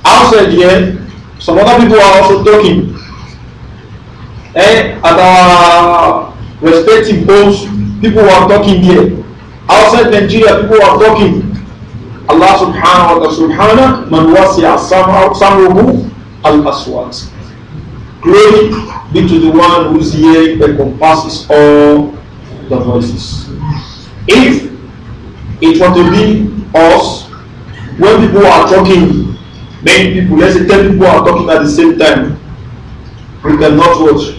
outside here. Some other people are also talking. Eh, at our respective homes, people are talking here. Outside Nigeria, people are talking. Allah subhanahu wa ta'ala subhanahu man wasi'a sam'uhu al-aswat. Glory be to the one whose ear encompasses all the voices. If it were to be us, when people are talking, many people, let's say 10 people are talking at the same time, we cannot watch,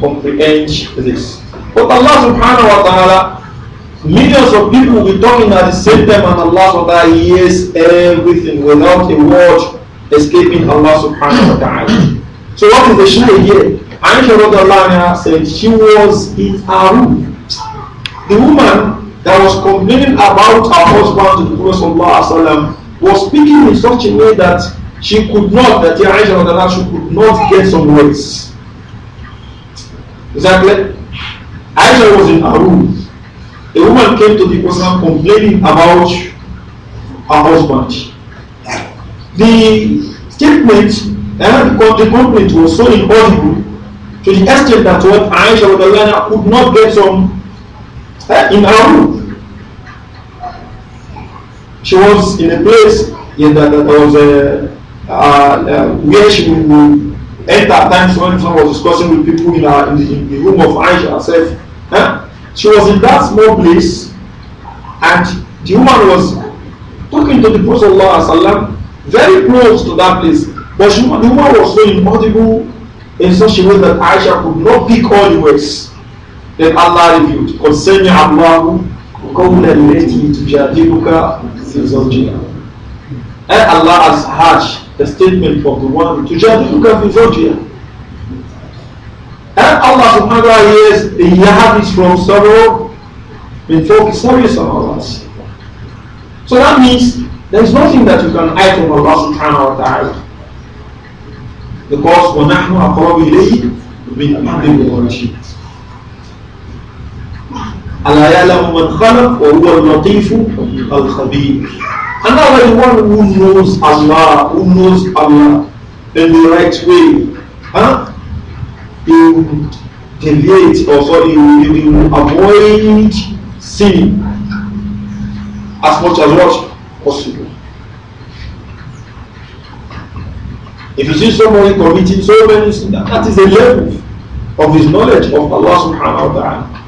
comprehend this. But Allah subhanahu wa ta'ala Millions of people will be talking at the same time, and Allah subhanahu hears everything without a word escaping Allah subhanahu wa ta'ala. So, what is the shaykh here? Aisha Anha said she was in her room. The woman that was complaining about her husband to the Prophet was speaking in such a way that she could not, that Aisha Rodalana, Anha could not get some words. Exactly. Aisha was in her room. A woman came to the person complaining about her husband. The statement, uh, the complaint was so inaudible to the extent that what Aisha Wadalana could not get some uh, in her room. She was in a place in that, that was eh, uh, uh, where she would enter times when someone was discussing with people in, her, in, the, in the room of Aisha herself. She was in that small place, and the woman was talking to the Prophet ﷺ, very close to that place. But she, the woman was so immutable in such a way that Aisha could not pick all the words that Allah revealed concerning Allah. قول التي تجادلك في زوجها And Allah has heard the statement of the one تجادلك في زوجها And Allah subhanahu wa ta'ala hears the yahabis from several in stories of Allah, So that means there is nothing that you can hide from Allah subhanahu wa ta'ala. Because when وَنَحْنُ أَقْرَبُ إِلَيْهِ مِنْ حَبِّ الْوَرَشِيدِ أَلَا يَعْلَمُ مَنْ خَلَقْ وَهُوَ اللَّطِيفُ الْخَبِيرُ Another one who knows Allah, who knows Allah in the right way. Huh? you deviate or sorry, you, you avoid sin as much as what possible. If you see somebody committing so many sins, that, that is the level of his knowledge of Allah subhanahu wa ta'ala.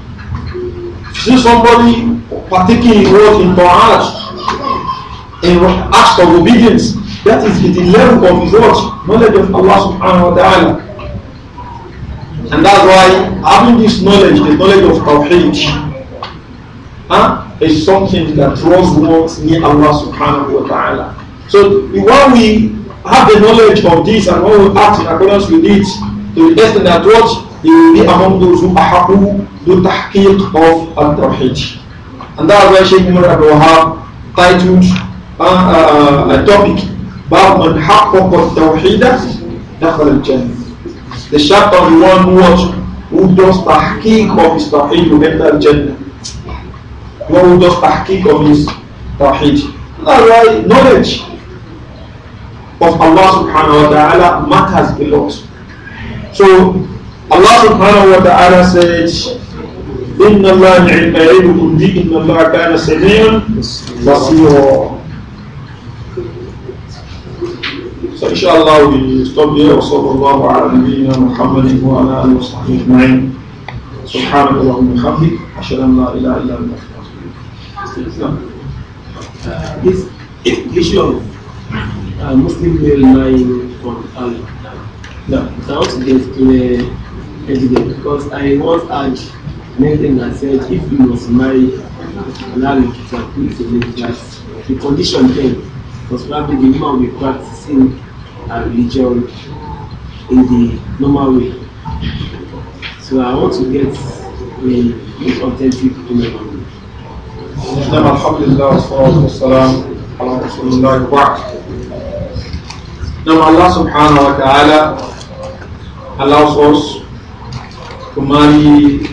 If you see somebody partaking in what in Quran, in acts of obedience, that is the level of his knowledge of Allah subhanahu wa ta'ala. And that's why having this knowledge, the knowledge of Tawheed, huh, is something that draws one near Allah subhanahu wa ta'ala. So when we have the knowledge of this and when we act in accordance with it, to the extent that what will be among those who ahaku the tahqiq of al-tawheed. And that's why Shaykh Umar Abu Wahab titled uh, uh, a topic, باب haqqa al التوحيد دخل الجنة The shaft of the one who what? Who does tahqiq of his tawheed to enter Jannah. One who does tahqiq of his tawheed. That's why knowledge of Allah subhanahu wa ta'ala matters a lot. So Allah subhanahu wa ta'ala says, إن الله علم يعلمكم دِي إن الله كان سميعا بصيرا. So inshallah we stop here وصلى الله على نبينا محمد وعلى آله وصحبه أجمعين سبحانك اللهم أشهد أن لا إله إلا أنت أستغفرك This issue of uh, Muslim male lying from Allah. No, it's out against the evidence because I once asked anything that said if you must marry allow you to please a the condition then was probably the woman will be practicing our religion in the normal way. So I want to get a most authentic memory. نعم الحمد لله والصلاة والسلام على رسول الله وبعد نعم الله سبحانه allows us to marry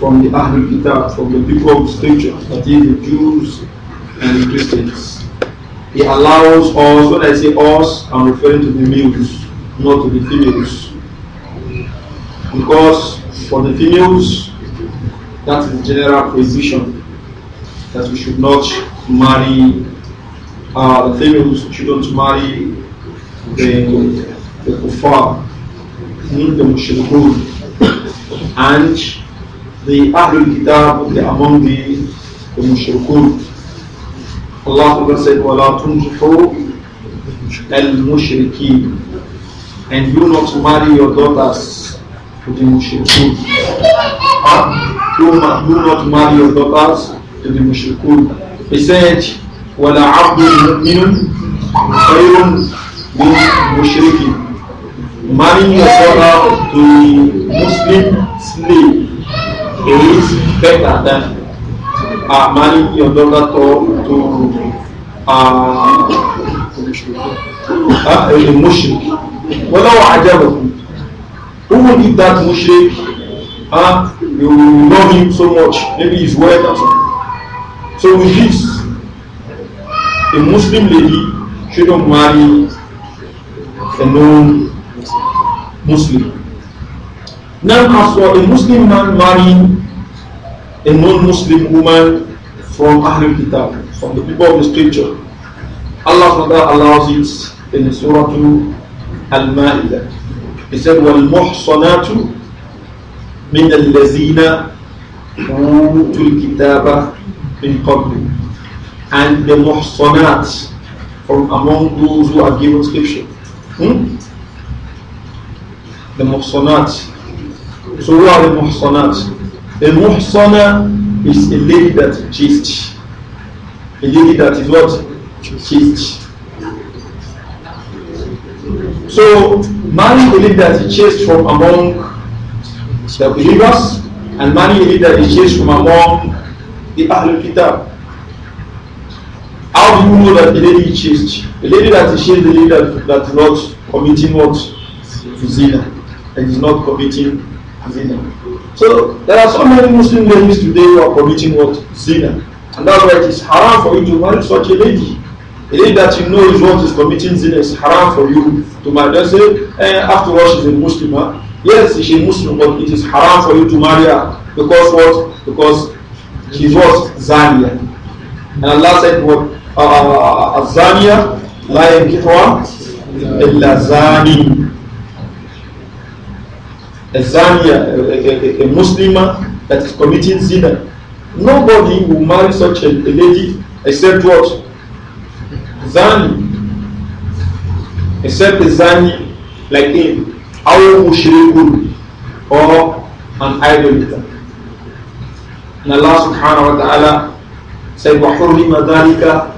from the Ahlul Kitab, from the people of Scripture, that is the Jews and the Christians. He allows us, when I say us, I'm referring to the males, not to the females. Because for the females, that is the general position that we should not marry, uh, the females shouldn't marry the, the kuffar, hmm? the mushrikun, and the Ahlul Kitab, the among the, the mushrikun. الله Ta'ala said, وَلَا تنكحوا الْمُشْرِكِينَ And you not marry your daughters to the mushrikun. Huh? You, not marry your daughters to the mushrikun. He said, وَلَا عَبْدٌ مُؤْمِنٌ خَيْرٌ مِنْ مُشْرِكٍ Marrying your daughter to the Muslim slave is better than amali ya dola to to a a mushrik walau ajabakum who did that mushrik uh, you love him so much maybe he's word or something so with this a muslim lady shouldn't marry a non muslim now as for a muslim man marrying a non-Muslim woman from Ahlul Kitab, from the people of the scripture. Allah allows it in Surah Al-Ma'idah. He said, وَالْمُحْصَنَاتُ مِنَ الَّذِينَ أُوتُوا الْكِتَابَ مِنْ قَبْلِهِ and the muhsanat from among those who are given scripture. Hmm? The muhsanat. So who are the muhsanat? A muhsana is a lady that cheats. A lady that is what? Chaste. So, marry a lady that is chaste from among the believers, and marry a lady that is chaste from among the Ahlul Kitab. How do you know that a lady is chaste? A lady that is chaste, the lady that, that is not committing what? Zina. And is not committing zina. So there are so many Muslim ladies today who are committing what? Zina. And that's why it is haram for you to marry such a lady. A lady that you know is what is committing zina is haram for you to marry. They say, eh, after all, she's a Muslim. Huh? Yes, she's a Muslim, but it is haram for you to marry her. Because what? Because she was Zania. And Allah said, what? Uh, uh, uh Zania, la yankihwa illa zani a Zania, a, a, a Muslima that is committing zina. Nobody will marry such a, a lady except what? Zani. Except a Zani like him. Our Mushrikun or an idolater. And Allah subhanahu wa ta'ala said, وَحُرِّمَ ذَلِكَ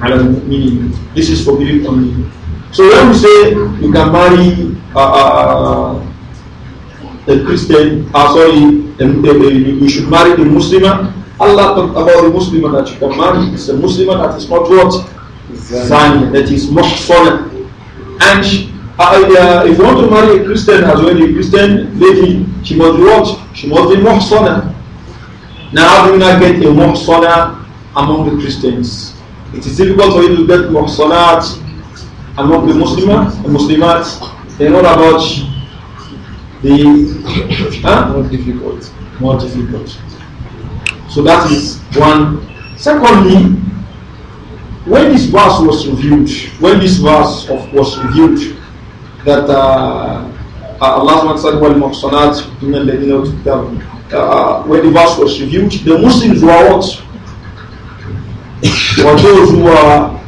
عَلَى This is forbidden only. So when we say you can marry uh, uh, uh a Christian, uh, sorry, a, a, a, you should marry a Muslimah. Allah talked about the Muslimah that you can marry. It's a Muslimah that is not what? Zani, that is muhsana. And uh, uh, if you want to marry a Christian as well, a Christian lady, she must be what? She must be muhsana. Now, how do you not get a muhsana among the Christians? It is difficult for you to get muhsanat among the Muslims, the Muslimat. They know about the huh? more difficult. More difficult. So that is one. Secondly, when this verse was revealed, when this verse of, was revealed, that uh, uh Allah said, "Well, Muhsanat, uh, uh, when the verse was revealed, the Muslims were what? were those who were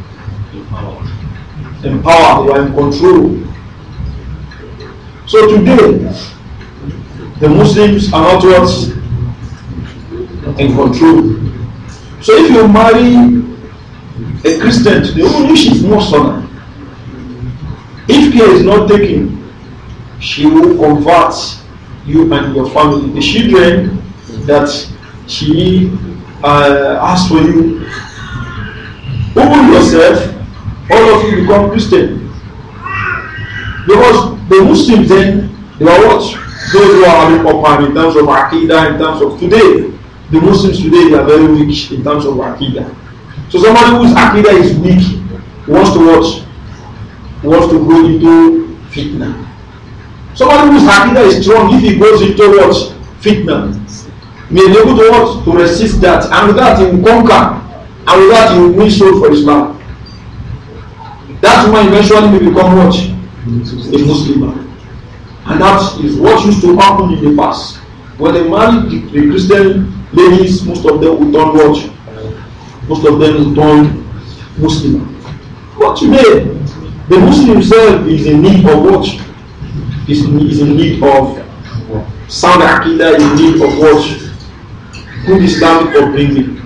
empowered, were in control. So today, the Muslims are not what? In control. So if you marry a Christian today, only she is more solemn. If care is not taken, she will convert you and your family. The children that she uh, asked for you, open yourself, all of you become Christian. Because The Muslims then, they were what? Those who are having Quran in terms of Aqidah, in terms of today. The Muslims today, they are very weak in terms of Aqidah. So somebody whose Aqidah is weak wants to watch, wants to go into fitna. Somebody whose Aqidah is strong, if he goes into what? Fitna. May be able to what? To resist that. And with that, he will conquer. And with that, he will win soul for Islam. That woman eventually will become what? a Muslim. And that is what used to happen in the past. When they married the, the Christian ladies, most of them would turn what? Most of them turn Muslim. But today, the Muslim himself is in need of what? Is in, is in need of sound akida, is in need of what? Good Islamic upbringing.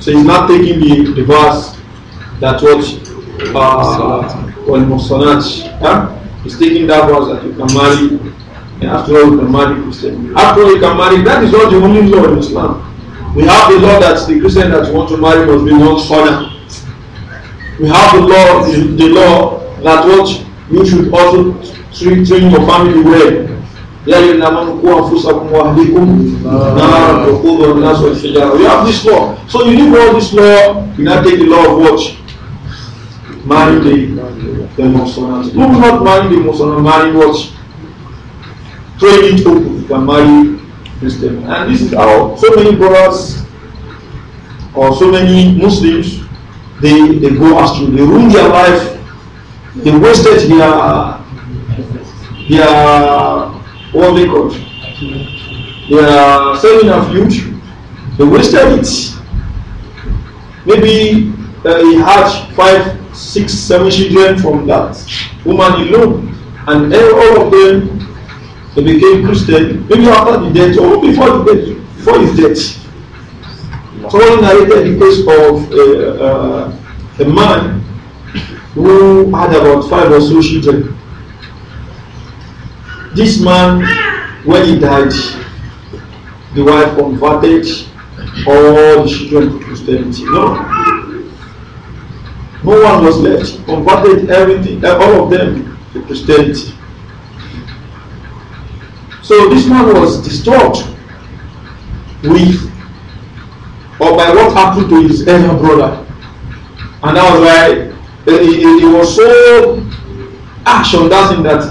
So he's not taking the, the verse that what? Uh, He's taking that verse that you can marry. And after all, you can marry Christian. After all, you can marry. That is not the only law in Islam. We have the law that the Christian that you want to marry must be one honor. We have the law, the, the law that what you should also treat, train your family well. يا أيها أنفسكم وأهلكم نارا وقودها الناس والحجارة. You have this law. So you need all this law, you cannot take the law of what? marry the, the Musonans. Who will not marry the Musonan, marry what? Trade it open, you can marry Christian. And this is how so many brothers or so many Muslims they, they go astray. They ruin their life, they wasted their their what they call their saving of youth, they wasted it. Maybe uh, he had five six, seven children from that woman alone. And eh, all of them they became Christian, maybe after the death or before the death, before his death. Someone narrated the case of a, uh, eh, eh, a man who had about five or so children. This man, when he died, the wife converted all the children to Christianity. No, no one was left. Converted everything, eh, all of them to Christianity. So this man was disturbed with or by what happened to his elder brother. And that was why eh, he, he, he, was so ash on that thing that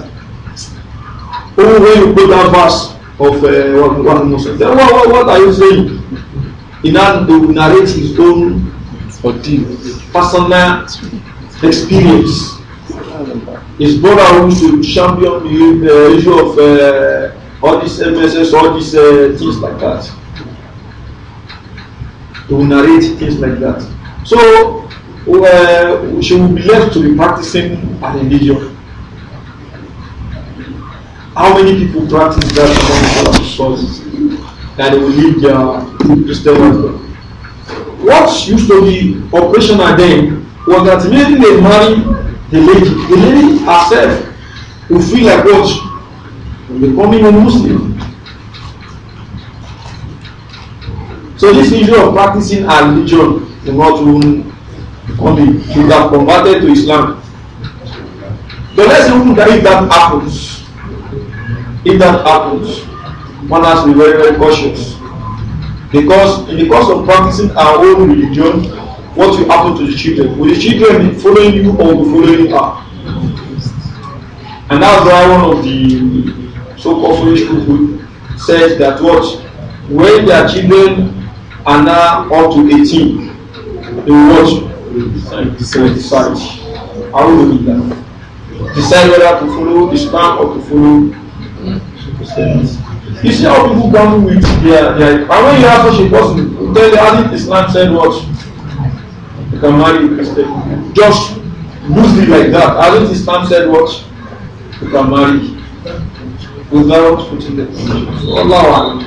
oh, when you put that verse of uh, one, Muslim, what, what, what are you saying? He now narrates his own or deen, personal experience. His brother who to champion the issue of uh, all these MSS, all these uh, things like that. To narrate things like that. So uh, she will be left to be practicing a religion. How many people practice that among the that they will leave their Christian what used to be operational then was that maybe they marry the lady. The lady herself will feel like what? Becoming a Muslim. So this issue of practicing our religion is not only should have converted to Islam. But let's even that if that happens, if that happens, one has to be very, very cautious. Because in the course of practicing our own religion, what will happen to the children? Will the children be following you or will following her? And that's why one of the so-called foolish people said that what when their children are now up to eighteen, they will watch Decide. How will they do that? Decide whether to follow Islam or to follow hmm. Christianity. You see how people gamble with their, their and when you ask such a person, tell the Hadith Islam said what? You can marry a Christian. Just loosely like that. Hadith Islam said what? You can marry without putting the so Allah.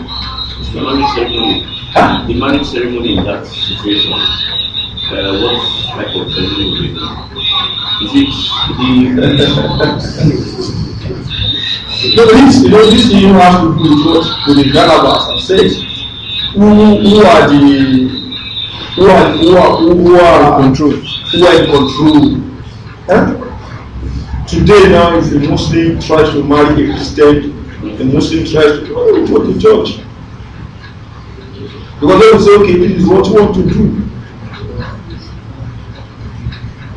The marriage ceremony. Huh? The marriage ceremony in that situation. Uh, what type of ceremony would be? Is it the So this, you know, this thing has to do with what the Galabas have said. Who, who are the who are who are who are in control? Who are in control? Huh? Today now, if a Muslim tries to marry a Christian, a Muslim tries to oh, go to church. Because they will say, okay, this is what you want to do.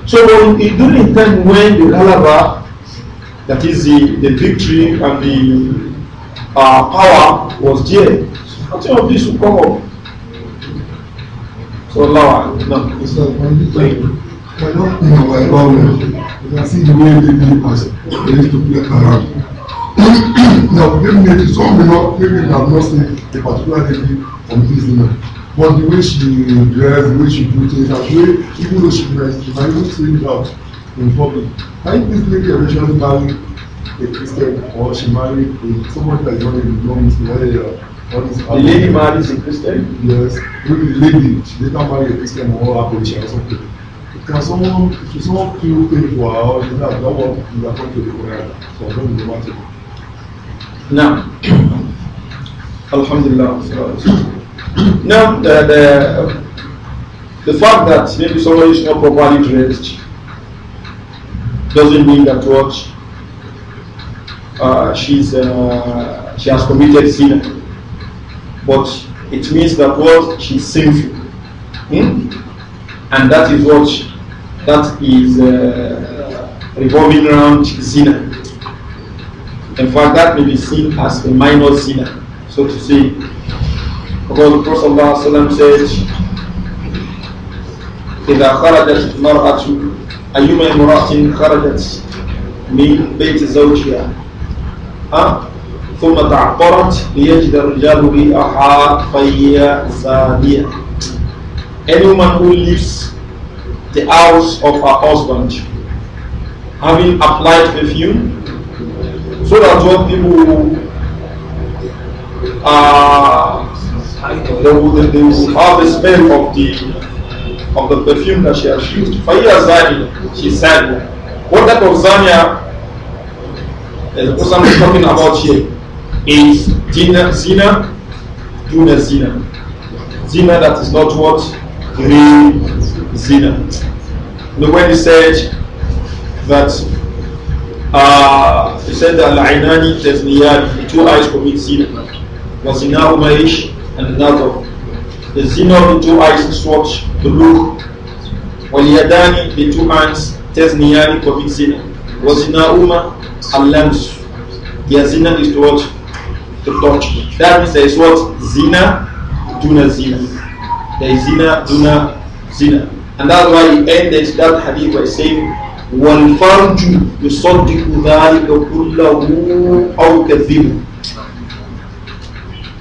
So during the time when the Galaba That is the, the victory and the uh, power was there. Nothing of this will come up. So Allah, no. So when you I don't think of about environment. You can see the way they live as they used to play around. now, maybe some may not, maybe have not seen the particular lady from this dinner. But the way she dressed, the way she put it, the way even though she dressed, you can even see it out. in public. I think this lady originally married a Christian or she married a, somebody that is not even known to uh, The lady married a Christian? Yes. Maybe the lady, she did not marry a Christian or a or something. Can someone, if someone feel pain for her, or that, that one is according to the Quran, so I don't know what Now, Alhamdulillah. Now, the, the, the fact that maybe someone is not properly dressed doesn't mean that what uh, she's uh, she has committed sin, but it means that what she's sinful, hmm? and that is what that is uh, revolving around sin. In fact, that may be seen as a minor sinner, so to say. Because the Prophet said, إذا خرجت المرأة أيما امرأة خرجت من بيت زوجها ها ثم تعطرت ليجد الرجال ريحها فهي زانية Any woman who leaves the house of her husband having applied perfume so that what people uh, they will, they will have the smell of the of the perfume that she has used. Faya Zani, she said. What type of Zania the person is talking about here is Dina, Zina, Duna Zina. Zina that is not what? Real Zina. The way he said that uh, he said that Al-Ainani Tazniyani, the two eyes commit Zina. Wazina Umaish and another the zina of the two eyes swatch to look. When he had done it, the two hands test nearly commit sin. Was in a woman and lambs. The zina is to watch, to touch. That means there is what? Zina, duna zina. There is zina, duna zina. And that's why he ended that hadith by saying, "When found you, you saw the Kudari of Kullahu, how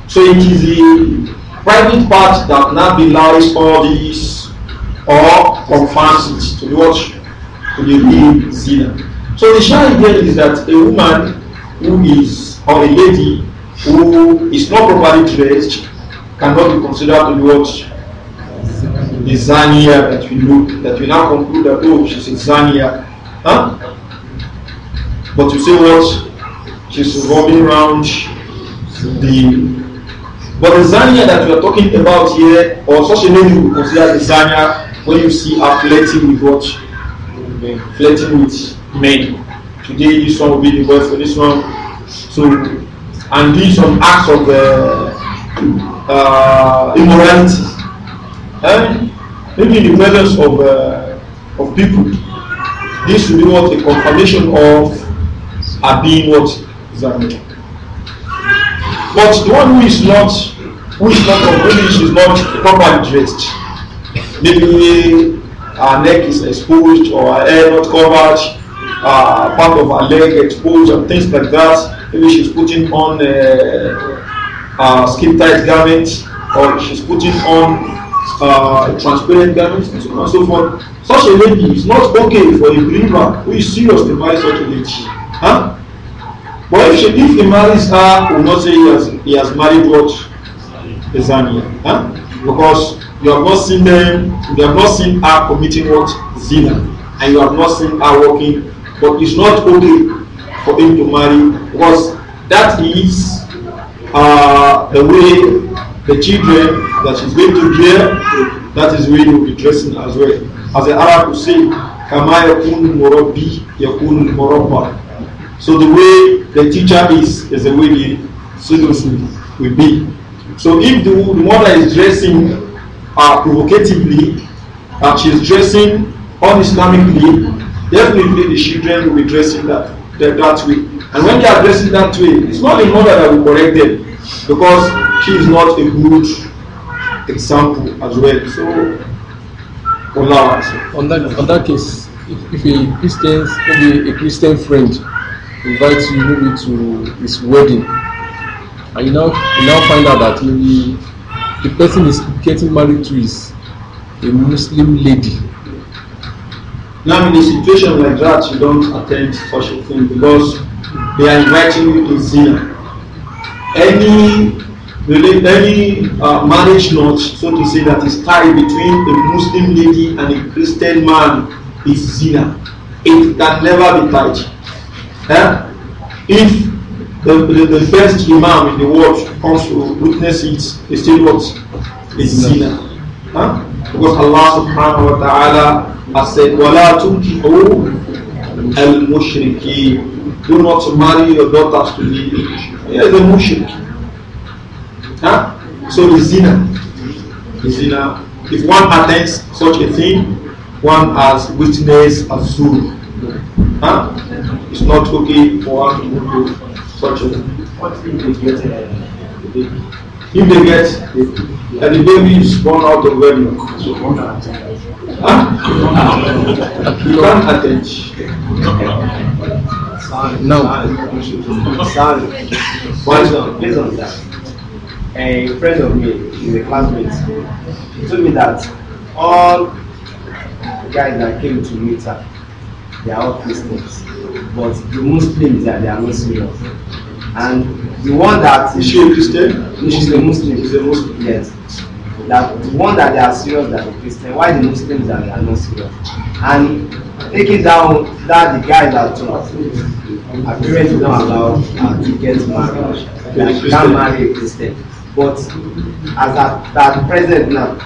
So it is the private part that now belies all these or confirms it to the watch to the real zina. So the shy here is that a woman who is or a lady who is not properly dressed cannot be considered to be what the zania that we look that we now conclude that oh she's a zania, huh? But you see what she's roaming around the but the zania that we are talking about here, or such a will consider the zania when you see her flirting with what? Flirting with men. Today this one will be the worst. this one. So, and doing some acts of uh, uh, immorality. And eh? maybe in the presence of, uh, of people, this will be what? A confirmation of a being what? Zania. But the one who is not, who is not, maybe is not properly dressed. Maybe uh, her neck is exposed or her hair not covered, uh, part of her leg exposed and things like that. Maybe she's putting on uh, uh, skin tight garments or she's putting on uh, transparent garments and so on and so forth. Such a lady is not okay for a believer who is serious to marry such a lady. Huh? But if, she, if he marries her, will not say he has, he has married what? A Zania. Huh? Because you have not seen them, you have not seen her committing what? Zina. And you have not seen her working. But it's not okay for him to marry because that is uh, the way the children that is going to bear, that is the way you'll be dressing as well. As the Arab would say, Kama yakun murabi yakun murabba. So the way the teacher is, is the way the students will, be. So if the, the mother is dressing uh, provocatively, and uh, she is dressing un-Islamically, definitely the children will be dressing that, that, that way. And when they are dressing that way, it's not the mother that will correct them because she is not a good example as well. So, On that, on that case, if, if a Christian, maybe a Christian friend invites you maybe to his wedding, and you now you now find out that maybe the person is getting married to is a Muslim lady. Now, in a situation like that, you don't attend such a thing because they are inviting you to zina. Any any uh, marriage knot, so to say, that is tied between a Muslim lady and a Christian man is zina. It can never be tied. If the, the, the, first imam in the world comes to witness it, it's still what? It's zina. Huh? Because Allah subhanahu wa ta'ala has said, وَلَا تُنْكِحُوا الْمُشْرِكِينَ Do not marry your daughters to the, yeah, the mushrik. Huh? So the zina. zina. If one attends such a thing, one has witnessed a zul. Huh? it's not okay for us to go to such a what if they get a If they get a and the baby is born out of wedlock. So huh? you can't attend. No. Sorry. Why not? Based on that, a friend of me is a classmate. He told me that all the guys that came to meet her they are all Christians. But the Muslims that they are not serious. And the one that is she a Christian? No, she's a Muslim. She's a Muslim. Yes. That the one that they are serious that are Christian. Why the Muslims that they are not serious? And taking down that the guys that talk. Our parents don't allow uh, to get married. Like, can't marry a Christian. But as at, that present now,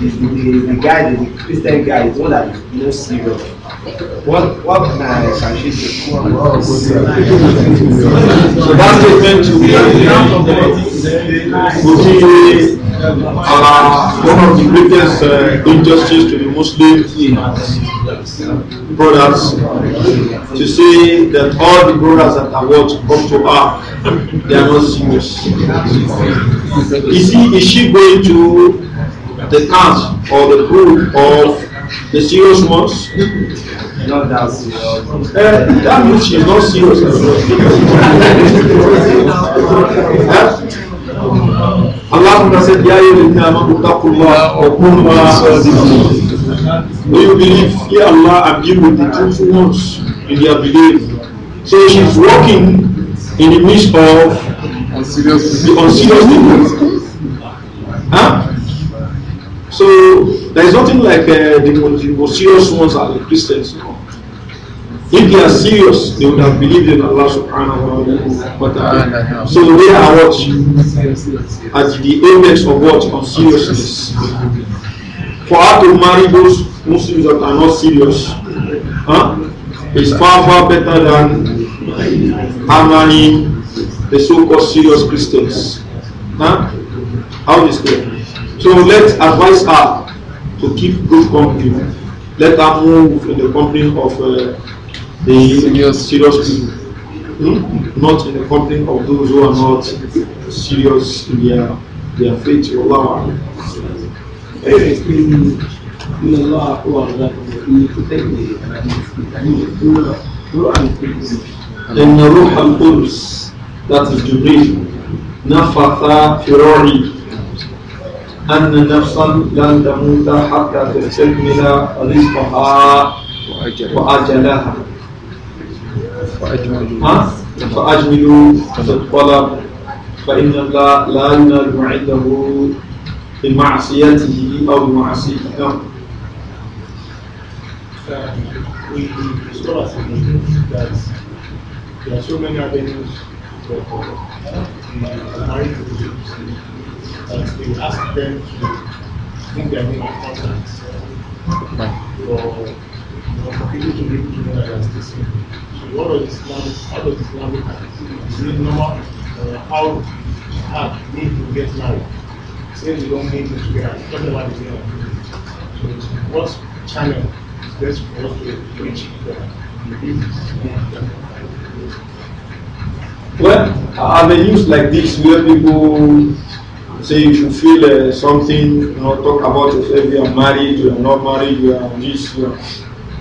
is the, the, the guy, the, the Christian guy, is one you know serious. What what can I can she do? That statement to be to be uh, one of the greatest uh, injustice to the Muslim brothers to say that all the brothers that are what come to her they are not serious. Is he is she going to the calf or the food of the serious ones? Not that serious. Uh, that means she's not serious. Allah said, Ya Do you believe, Ya Allah, and you with the truthful ones in their belief? So she's walking in the midst of the unserious people. Huh? So there is nothing like uh, the, most serious ones are the Christians. No? If they are serious, they would have believed in Allah subhanahu wa ta'ala. So they are what? At the apex of what? Of seriousness. For us to marry those Muslims that are not serious huh? is far, far better than marrying the so called serious Christians. Huh? How is that? So let advise her to keep good company. Let her move in the company of uh, the serious, serious people. Hmm? Not in the company of those who are not serious in their, their faith or Allah. إن the هو الغني إن that is Jibril نفث في أن نفسا لن تموت حتى تستكمل رزقها وأجلها فأجملوا الطلب فإن الله لا ينال عنده بمعصيته أو بمعصيته We discussed that there are so many avenues for marriage uh, uh, that you ask them to bring their name in contact for, people to be able to know that they So what are Islamic, how does Islamic is it normal? Uh, how hard need to get married? Since you don't need to get married, talking about the name So what channel is best for us to reach Well, are the news like this where people say you should feel uh, something, you know, talk about yourself, you are married, you are not married, you are this, you are.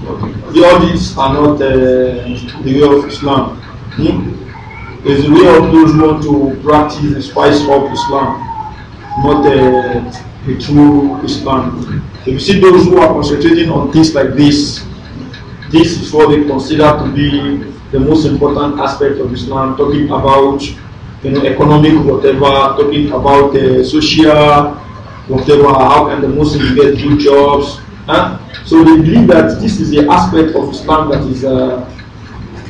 All these are not uh, the way of Islam. Hmm? It's the way of those who want to practice the spice of Islam, not uh, the true Islam. If you see those who are concentrating on things like this, this is what they consider to be the most important aspect of Islam, talking about you know, economic, whatever, talking about the social, whatever, how can the Muslims get good jobs. Huh? So they believe that this is the aspect of Islam that is uh,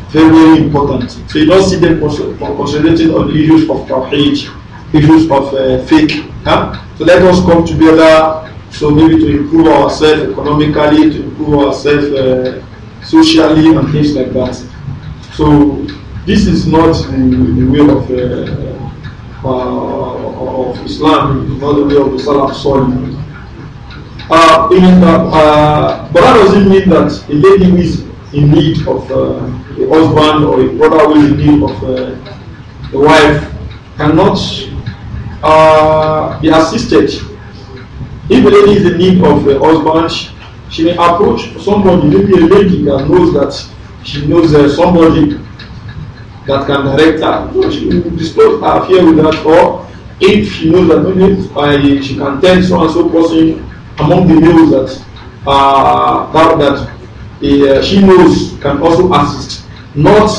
very, very important. So you don't see them concentrating on issues of Tawheed, issues of uh, faith. Huh? So let us come together, so maybe to improve ourselves economically, to improve ourselves uh, socially, and things like that. So this is not the, the way of, uh, uh, of Islam, not the way of the Salaf Solid. Uh, in, uh, uh, but that doesn't mean that a lady who is in need of uh, a husband or a brother who is in need of uh, a wife cannot uh, be assisted. If a lady is in need of a husband, she may approach somebody, maybe a lady that knows that she knows uh, somebody that can direct her. she can dispose her fear with that, or if she knows that no I, she can tell so and so person among the males that uh, that, that uh, she knows can also assist, not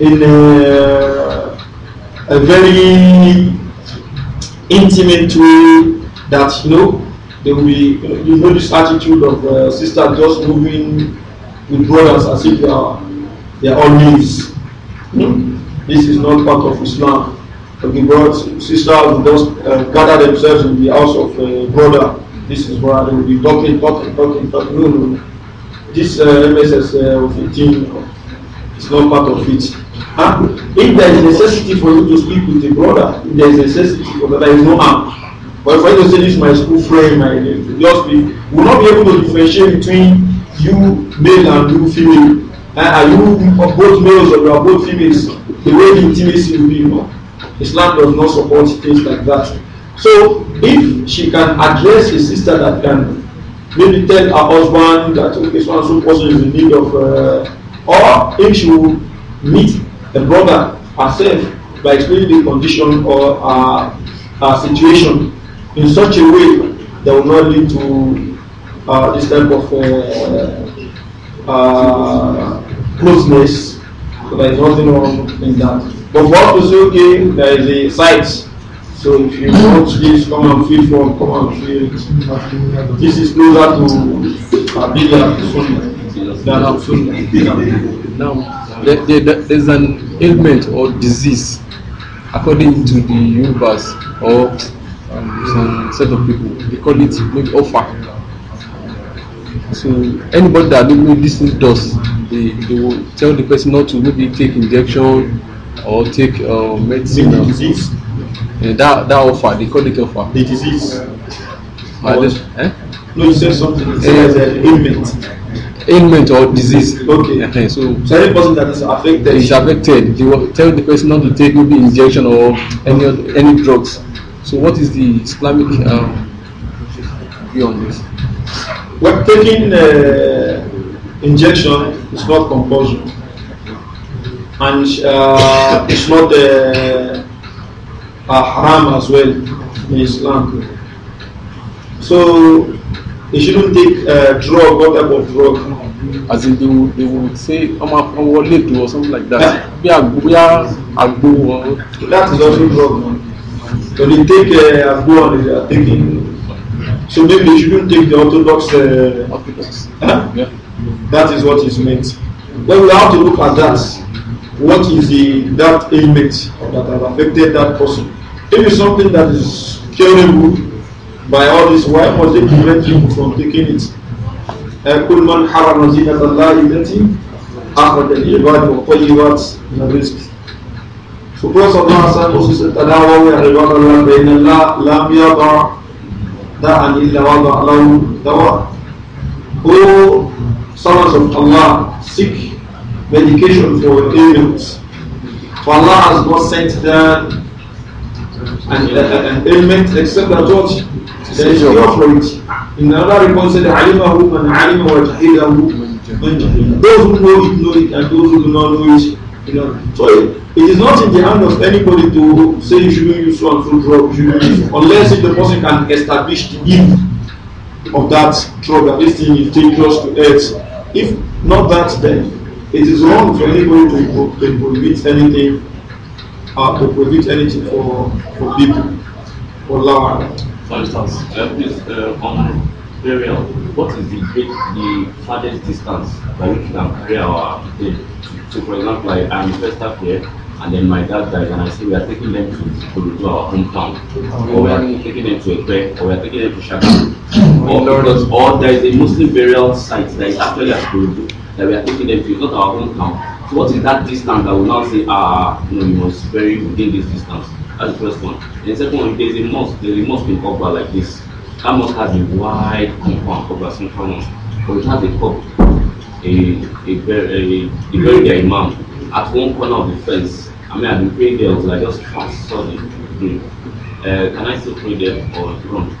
in a, a very intimate way that you know there will be you know, you know this attitude of uh, sister just moving with brothers as if they are they are all males. Hmm? This is not part of Islam. The brothers, brought, sisters just uh, gather themselves in the house of a uh, brother. This is where they will be talking, talking, talking, No, no. This uh, MSS uh, 15 is not part of it. Huh? If there is necessity for you to speak with a brother, if there is necessity for that, there is no harm. But if I just say this my school friend, my just we will not be able to differentiate between you male and you female. Uh, are you both males or you are both females? The way the intimacy will be, no? Islam does not support things like that. So if she can address a sister that can maybe tell her husband that okay, so and so person is in need of, uh, or if she will meet the brother herself by explaining the condition or uh, her situation in such a way that will not lead to uh, this type of uh, uh closeness. So there is nothing wrong in that. But what to say, okay, there is a site. So if you want this, come and feel from, come and feel. This is closer to Abidia than Now, there, there, there's an ailment or disease according to the universe or um, some set of people. They call it maybe offer so anybody that maybe listens to us, they, they will tell the person not to maybe take injection or take uh, medicine. The disease. that that offer, they call it offer. The disease. Just, eh? No, you said something. It eh, ailment ailment or disease. Okay. okay. So, so any person that is affected is affected. They will tell the person not to take maybe injection or any other, any drugs. So what is the Islamic um, view on this? Well, taking uh, injection is not compulsory, and uh, it's not uh, a haram as well in Islam. So you shouldn't take a uh, drug. What type of drug? as in they will they will say ọmọ ọwọ lẹtọ or something like that We are, àgbo bí àgbo. that is also drug. so they take uh, àgbo and they are taking. So maybe they shouldn't take the Orthodox uh, Orthodox. That is what is meant. But we have to look at that. What is the that ailment that has affected that person? If it's something that is curable by all this, why must they prevent him from taking it? كل uh, من حرم زينة الله التي أخرج العباد والطيبات من الرزق. So الله also said, تداووا عباد الله بين الله لم يضع داعا إلا وضع له دواء Who servants of Allah seek medication for ailments, for Allah has not sent down an, an ailment except that what there is cure for it. In another report said, "Alimahu man alima wa jahilahu man jahil." Those who know it know it, and those who do not know it So it, it is not in the hand of anybody to say you shouldn't use so and so drug, unless if the person can establish the need of that drug that this thing is dangerous to health. If not that, then it is wrong for anybody to, to prohibit anything, uh, to prohibit anything for, for people, for law. For instance, uh, is, uh, burial, what is the the farthest distance by which we can carry our dead? So, for example, I, am first up here, and then my dad dies, and I say we are taking them to, to, our hometown, or we are taking them to a Ekwe, or we are taking them to Shaka, mm-hmm. or, because, or there is a Muslim burial site that is actually at Kurudu that we are taking them to, not our hometown. So, what is that distance that we now say, ah, you know, we must bury within this distance? That's the first one. And the second one, there is a mosque, there is a mosque in Kobra like this. 他 must have a wide compound cover central one. But it has a cup, a, a, very, a, a very dear imam at one corner of the fence. I mean, I've been praying there until I just saw the hmm. uh, Can I still pray there or run?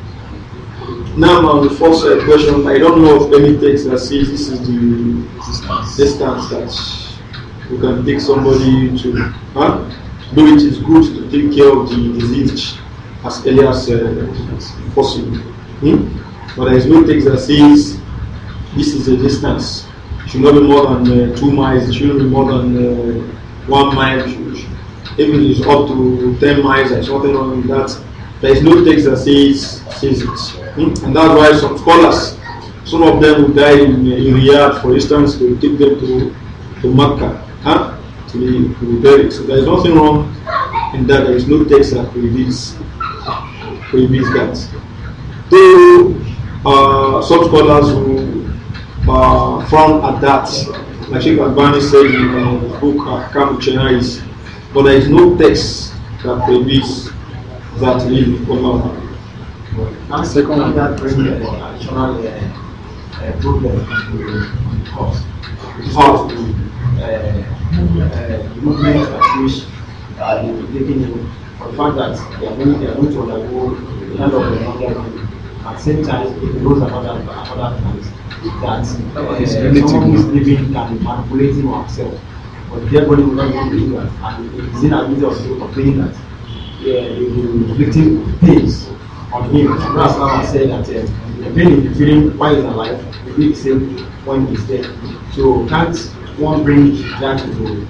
Now, on the first uh, question, I don't know of any text that says this is the distance, that you can take somebody to. Huh? Though it is good to take care of the diseased as early as, uh, as possible. Hmm? But there is no text that says this is the distance. It should not be more than uh, two miles, it shouldn't be more than uh, one mile. Even if it's up to 10 miles, there's nothing wrong with that. There is no text that says, says it. Hmm? And that's why some scholars, some of them who died in, uh, in Riyadh, for instance, they take them to, to Mecca. Huh? To be, to be buried. So there is nothing wrong in that. There is no text that this. these guys, Though are uh, some scholars who uh, frown at that, like Sheikh Albani said in uh, the book uh, Ahkam Chenaris, but there is no text that prohibits that really. And second, that brings additional uh, problem to cost. Cost. Uh, uh, uh movement at which are uh, taking the fact that they are going, they are going to undergo the kind of the at the same time it goes about that about that times that uh, someone who is living can be manipulating himself but their body will not be doing that and it is in inability of of being that uh, the victim pains on him and that's why I said that uh, the pain is feeling why he's alive will be the same when he's dead so can't one bring that into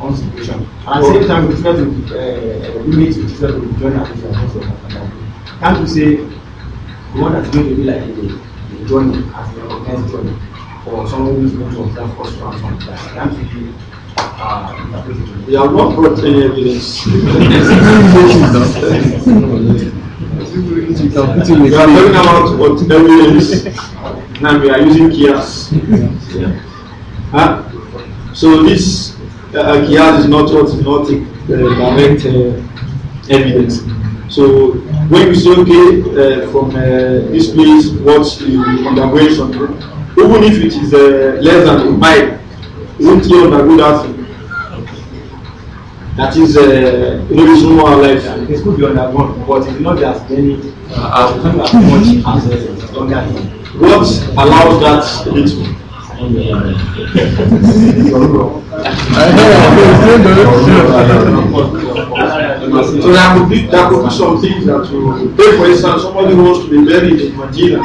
on situation. And at the same time, we try eh, to limit it so that we join our vision Can't we say the one that's going to be like a, a journey as an organized journey for someone who's going to observe us to Can't we uh, we have not brought any evidence. we are talking about what evidence. now we are using kias. Yeah. Huh? So this uh, Qiyas is not what not uh, direct uh, evidence. So when we say okay uh, from uh, this place, what the undergo even if it is uh, less than a mile, won't you undergo that? That is uh, reason why life. It could be underground, but it's not as many uh, as much hmm. as What allows that little? so that would be that would be some things that you take for instance somebody who wants to be buried in Medina.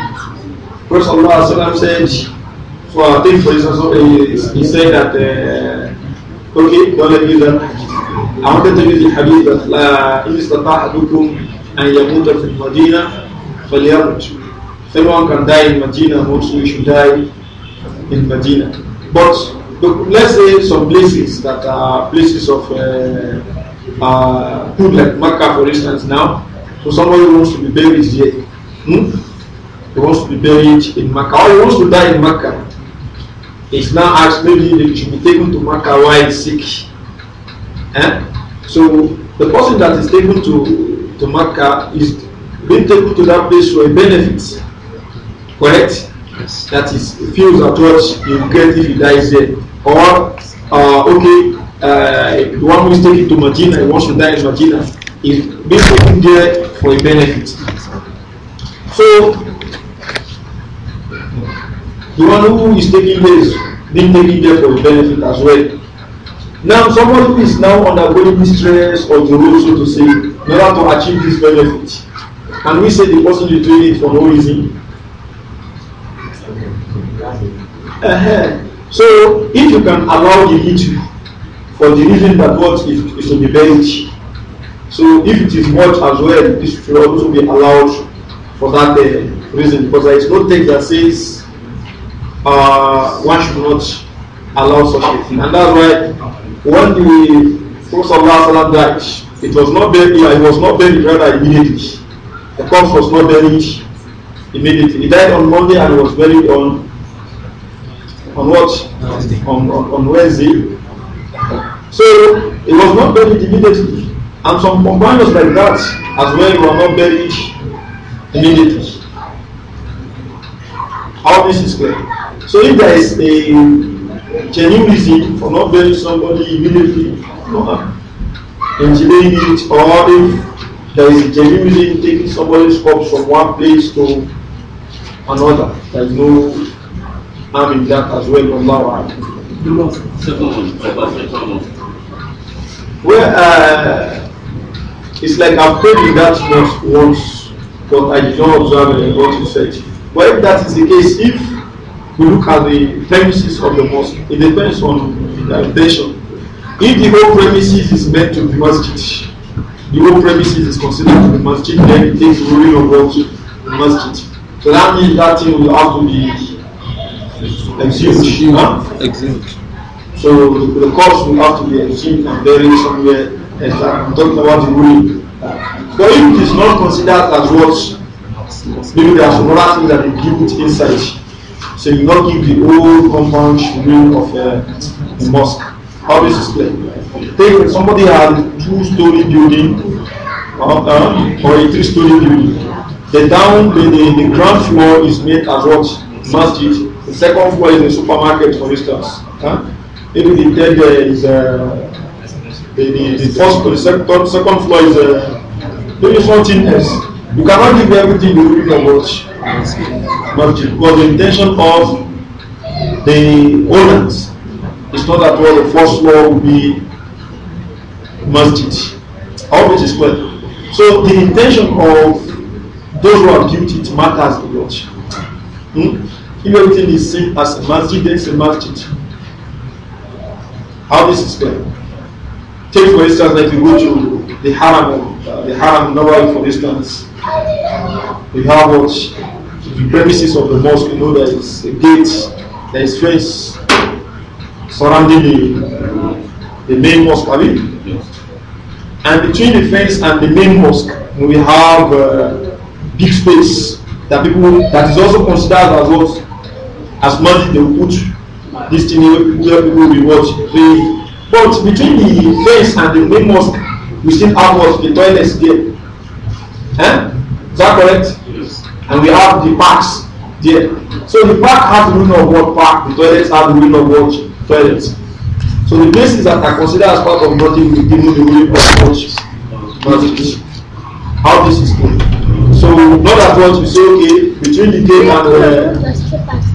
First Allah said so I think for instance he, he said that uh, okay don't let me learn I wanted to use the hadith that لا إن استطاع أحدكم أن يموت في المدينة If anyone can die in Medina, also you should die in Medina. But let's say some places that are places of uh, uh, food like Makkah, for instance, now. So somebody wants to be buried here. Hmm? He wants to be buried in Makkah, or he wants to die in Makkah. is now asked maybe he should be taken to Makkah while sick. Eh? So the person that is taken to, to Makkah is being taken to that place for a benefit. Correct? Yes. That is feels at what you get if he dies there. Or uh, okay, uh, the one who is taking to Medina and wants to die in Medina is being taken there for a benefit. So the one who is taking there is being taken there for a benefit as well. Now someone who is now undergoing distress or the road, so to say, in order to achieve this benefit, and we say the person is doing it for no reason. Uh, so if you can allow the little for the reason that what is it, to be buried. So if it is what as well, this should also be allowed for that uh, reason because there is no text that says uh, one should not allow such a thing. And that's why when the Prophet died, it was not buried, it was not buried rather immediately. The corpse was not buried immediately. He died on Monday and was buried on on what? On, on, on Wednesday. So it was not buried immediately. And some companions like that as well were not buried immediately. All this is clear. So if there is a genuine reason for not burying somebody immediately, no, engineering it, or if there is a genuine reason taking somebody's corpse from one place to another, there is no I'm in that as well. Allah Well, uh, it's like I've prayed in that mosque once, but I did not observe what you said. Well, if that is the case, if we look at the premises of the mosque, it depends on the intention. If the whole premises is meant to be masjid, the whole premises is considered to be masjid, then it takes ruling of what masjid. So that means that thing will have to be exhumed huh? Exhumed. So the, the corpse will have to be exhumed and buried somewhere. As I'm talking about the ruling. But if it is not considered as what, maybe there are some other things that you give it inside. So you not give the whole compound ruling of uh, the mosque. How this is clear. Take somebody had a two-story building uh, uh, or a three-story building. The down the, the, the ground floor is made as what? Masjid the second floor is the supermarket, for instance. Huh? Maybe the third uh, is uh, the, the, the first the second, second floor is uh, maybe something else. You cannot give everything you read about watch. But because the intention of the owners is not at all the first floor will be masjid. All this is clear. So the intention of those who are guilty matters a lot. Hmm? everything is seen as a masjid, a masjid. How this is done? Take for instance, like you go to the Haram, uh, the Haram Nawawi, for instance. We have what the premises of the mosque. You know there is a gate, there is fence surrounding the the main mosque. And between the fence and the main mosque, we have uh, big space that people that is also considered as what as money they put this thing where people will watch. They, but between the fence and the main mosque, we still have what the toilets there. Eh? Is that correct? Yes. And we have the parks there. So the park has the rule of what park, the toilets have the rule of what toilets. So the places that are considered as part of nothing will give you the rule of what How this is going. So not at once we say okay between the game and uh,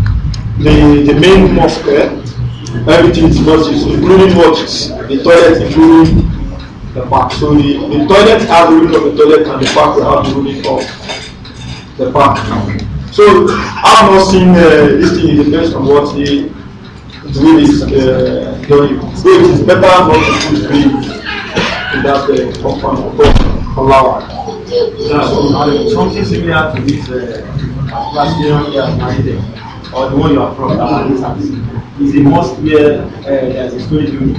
the, the main mosque, everything is mosques, including what is the toilet, including the park. So the, the toilet has the ruling of the toilet and the park will have the ruling of the park. So I'm not seeing uh, this thing depends on what the drill is uh, doing. So it is better not to put drill in that uh, compound of Allah. Yeah, so, uh, something similar to this uh, last year, yeah, or the one you are from, that one is the most where uh, there's a storage unit.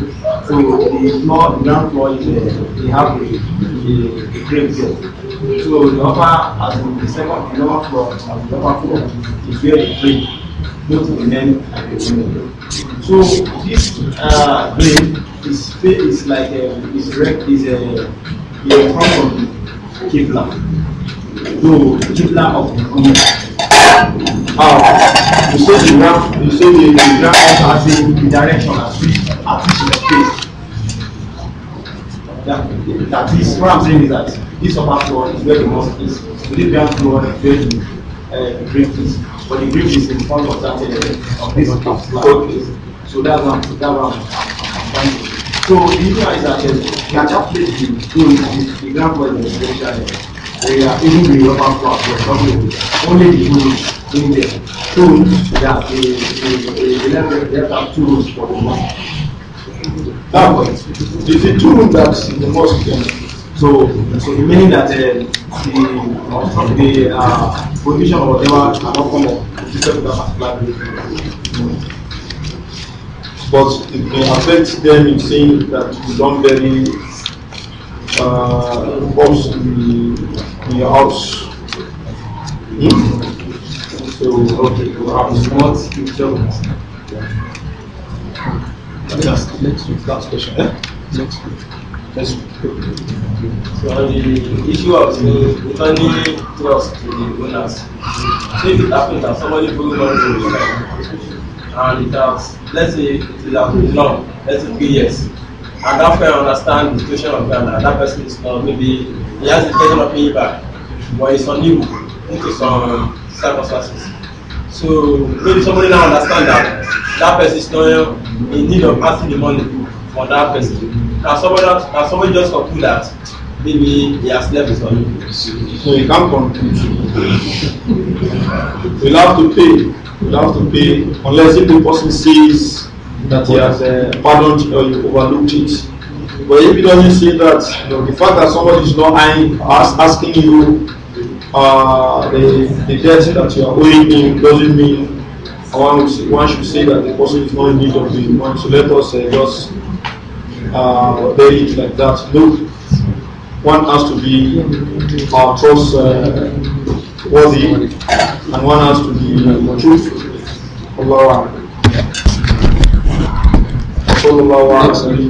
So the floor, the ground floor, is uh, they have the the grave there. So the upper, as in the second, the lower floor, as the upper floor, is where the grave, both the men and the women. So this uh, grave is, is like a, uh, is erect, uh, is a, in front of the Qibla. So Qibla of the Ummah. Uh, You say you now, you say you, you now also has a direction as which at which you face. That, that is what I'm saying is that this upper floor is where the mosque is. Within that floor is where the uh, the grave is. But the grave is in front of that uh, of this staircase. So that's one, that's one. Thank you. So the idea is that uh, can that place be going to the ground for the residential area, even the urban part was probably only the units in the tomb that the, the, the, the have tools for the mosque. Now, it's the tomb that's the mosque. can So, so meaning that uh, the, the uh, position or whatever cannot come up except that But it may affect them in saying that you don't very uh, bombs the, the house. Hmm? So, okay, well, what you tell us. Next, next week, question. So, the issue of returning trust to the owners, so if it happens that somebody borrowed money and it has, let's say, it will have long, let's say three years, and that friend understand the situation of Ghana, that person is not, maybe he has the intention of paying back, but it's unable due to some cyber So maybe somebody now understand that that person is not in need of asking the money for that person. Now somebody else, somebody just conclude that maybe he has left his money. So you can't conclude. You'll have to pay. You'll have to pay unless if the person sees that he has uh, pardoned or you overlooked it. But if he doesn't see that, you know, the fact that somebody is not asking you the, the debt that you are owing him doesn't mean one, say, one should say that the person is not in need of the money. So let us uh, just uh, bury it like that. No, one has to be uh, trust uh, worthy and one has to be truthful. Allah. صلى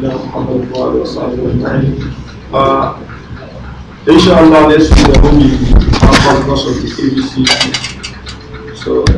Inshallah, next week there will be a conference of the ABC. So.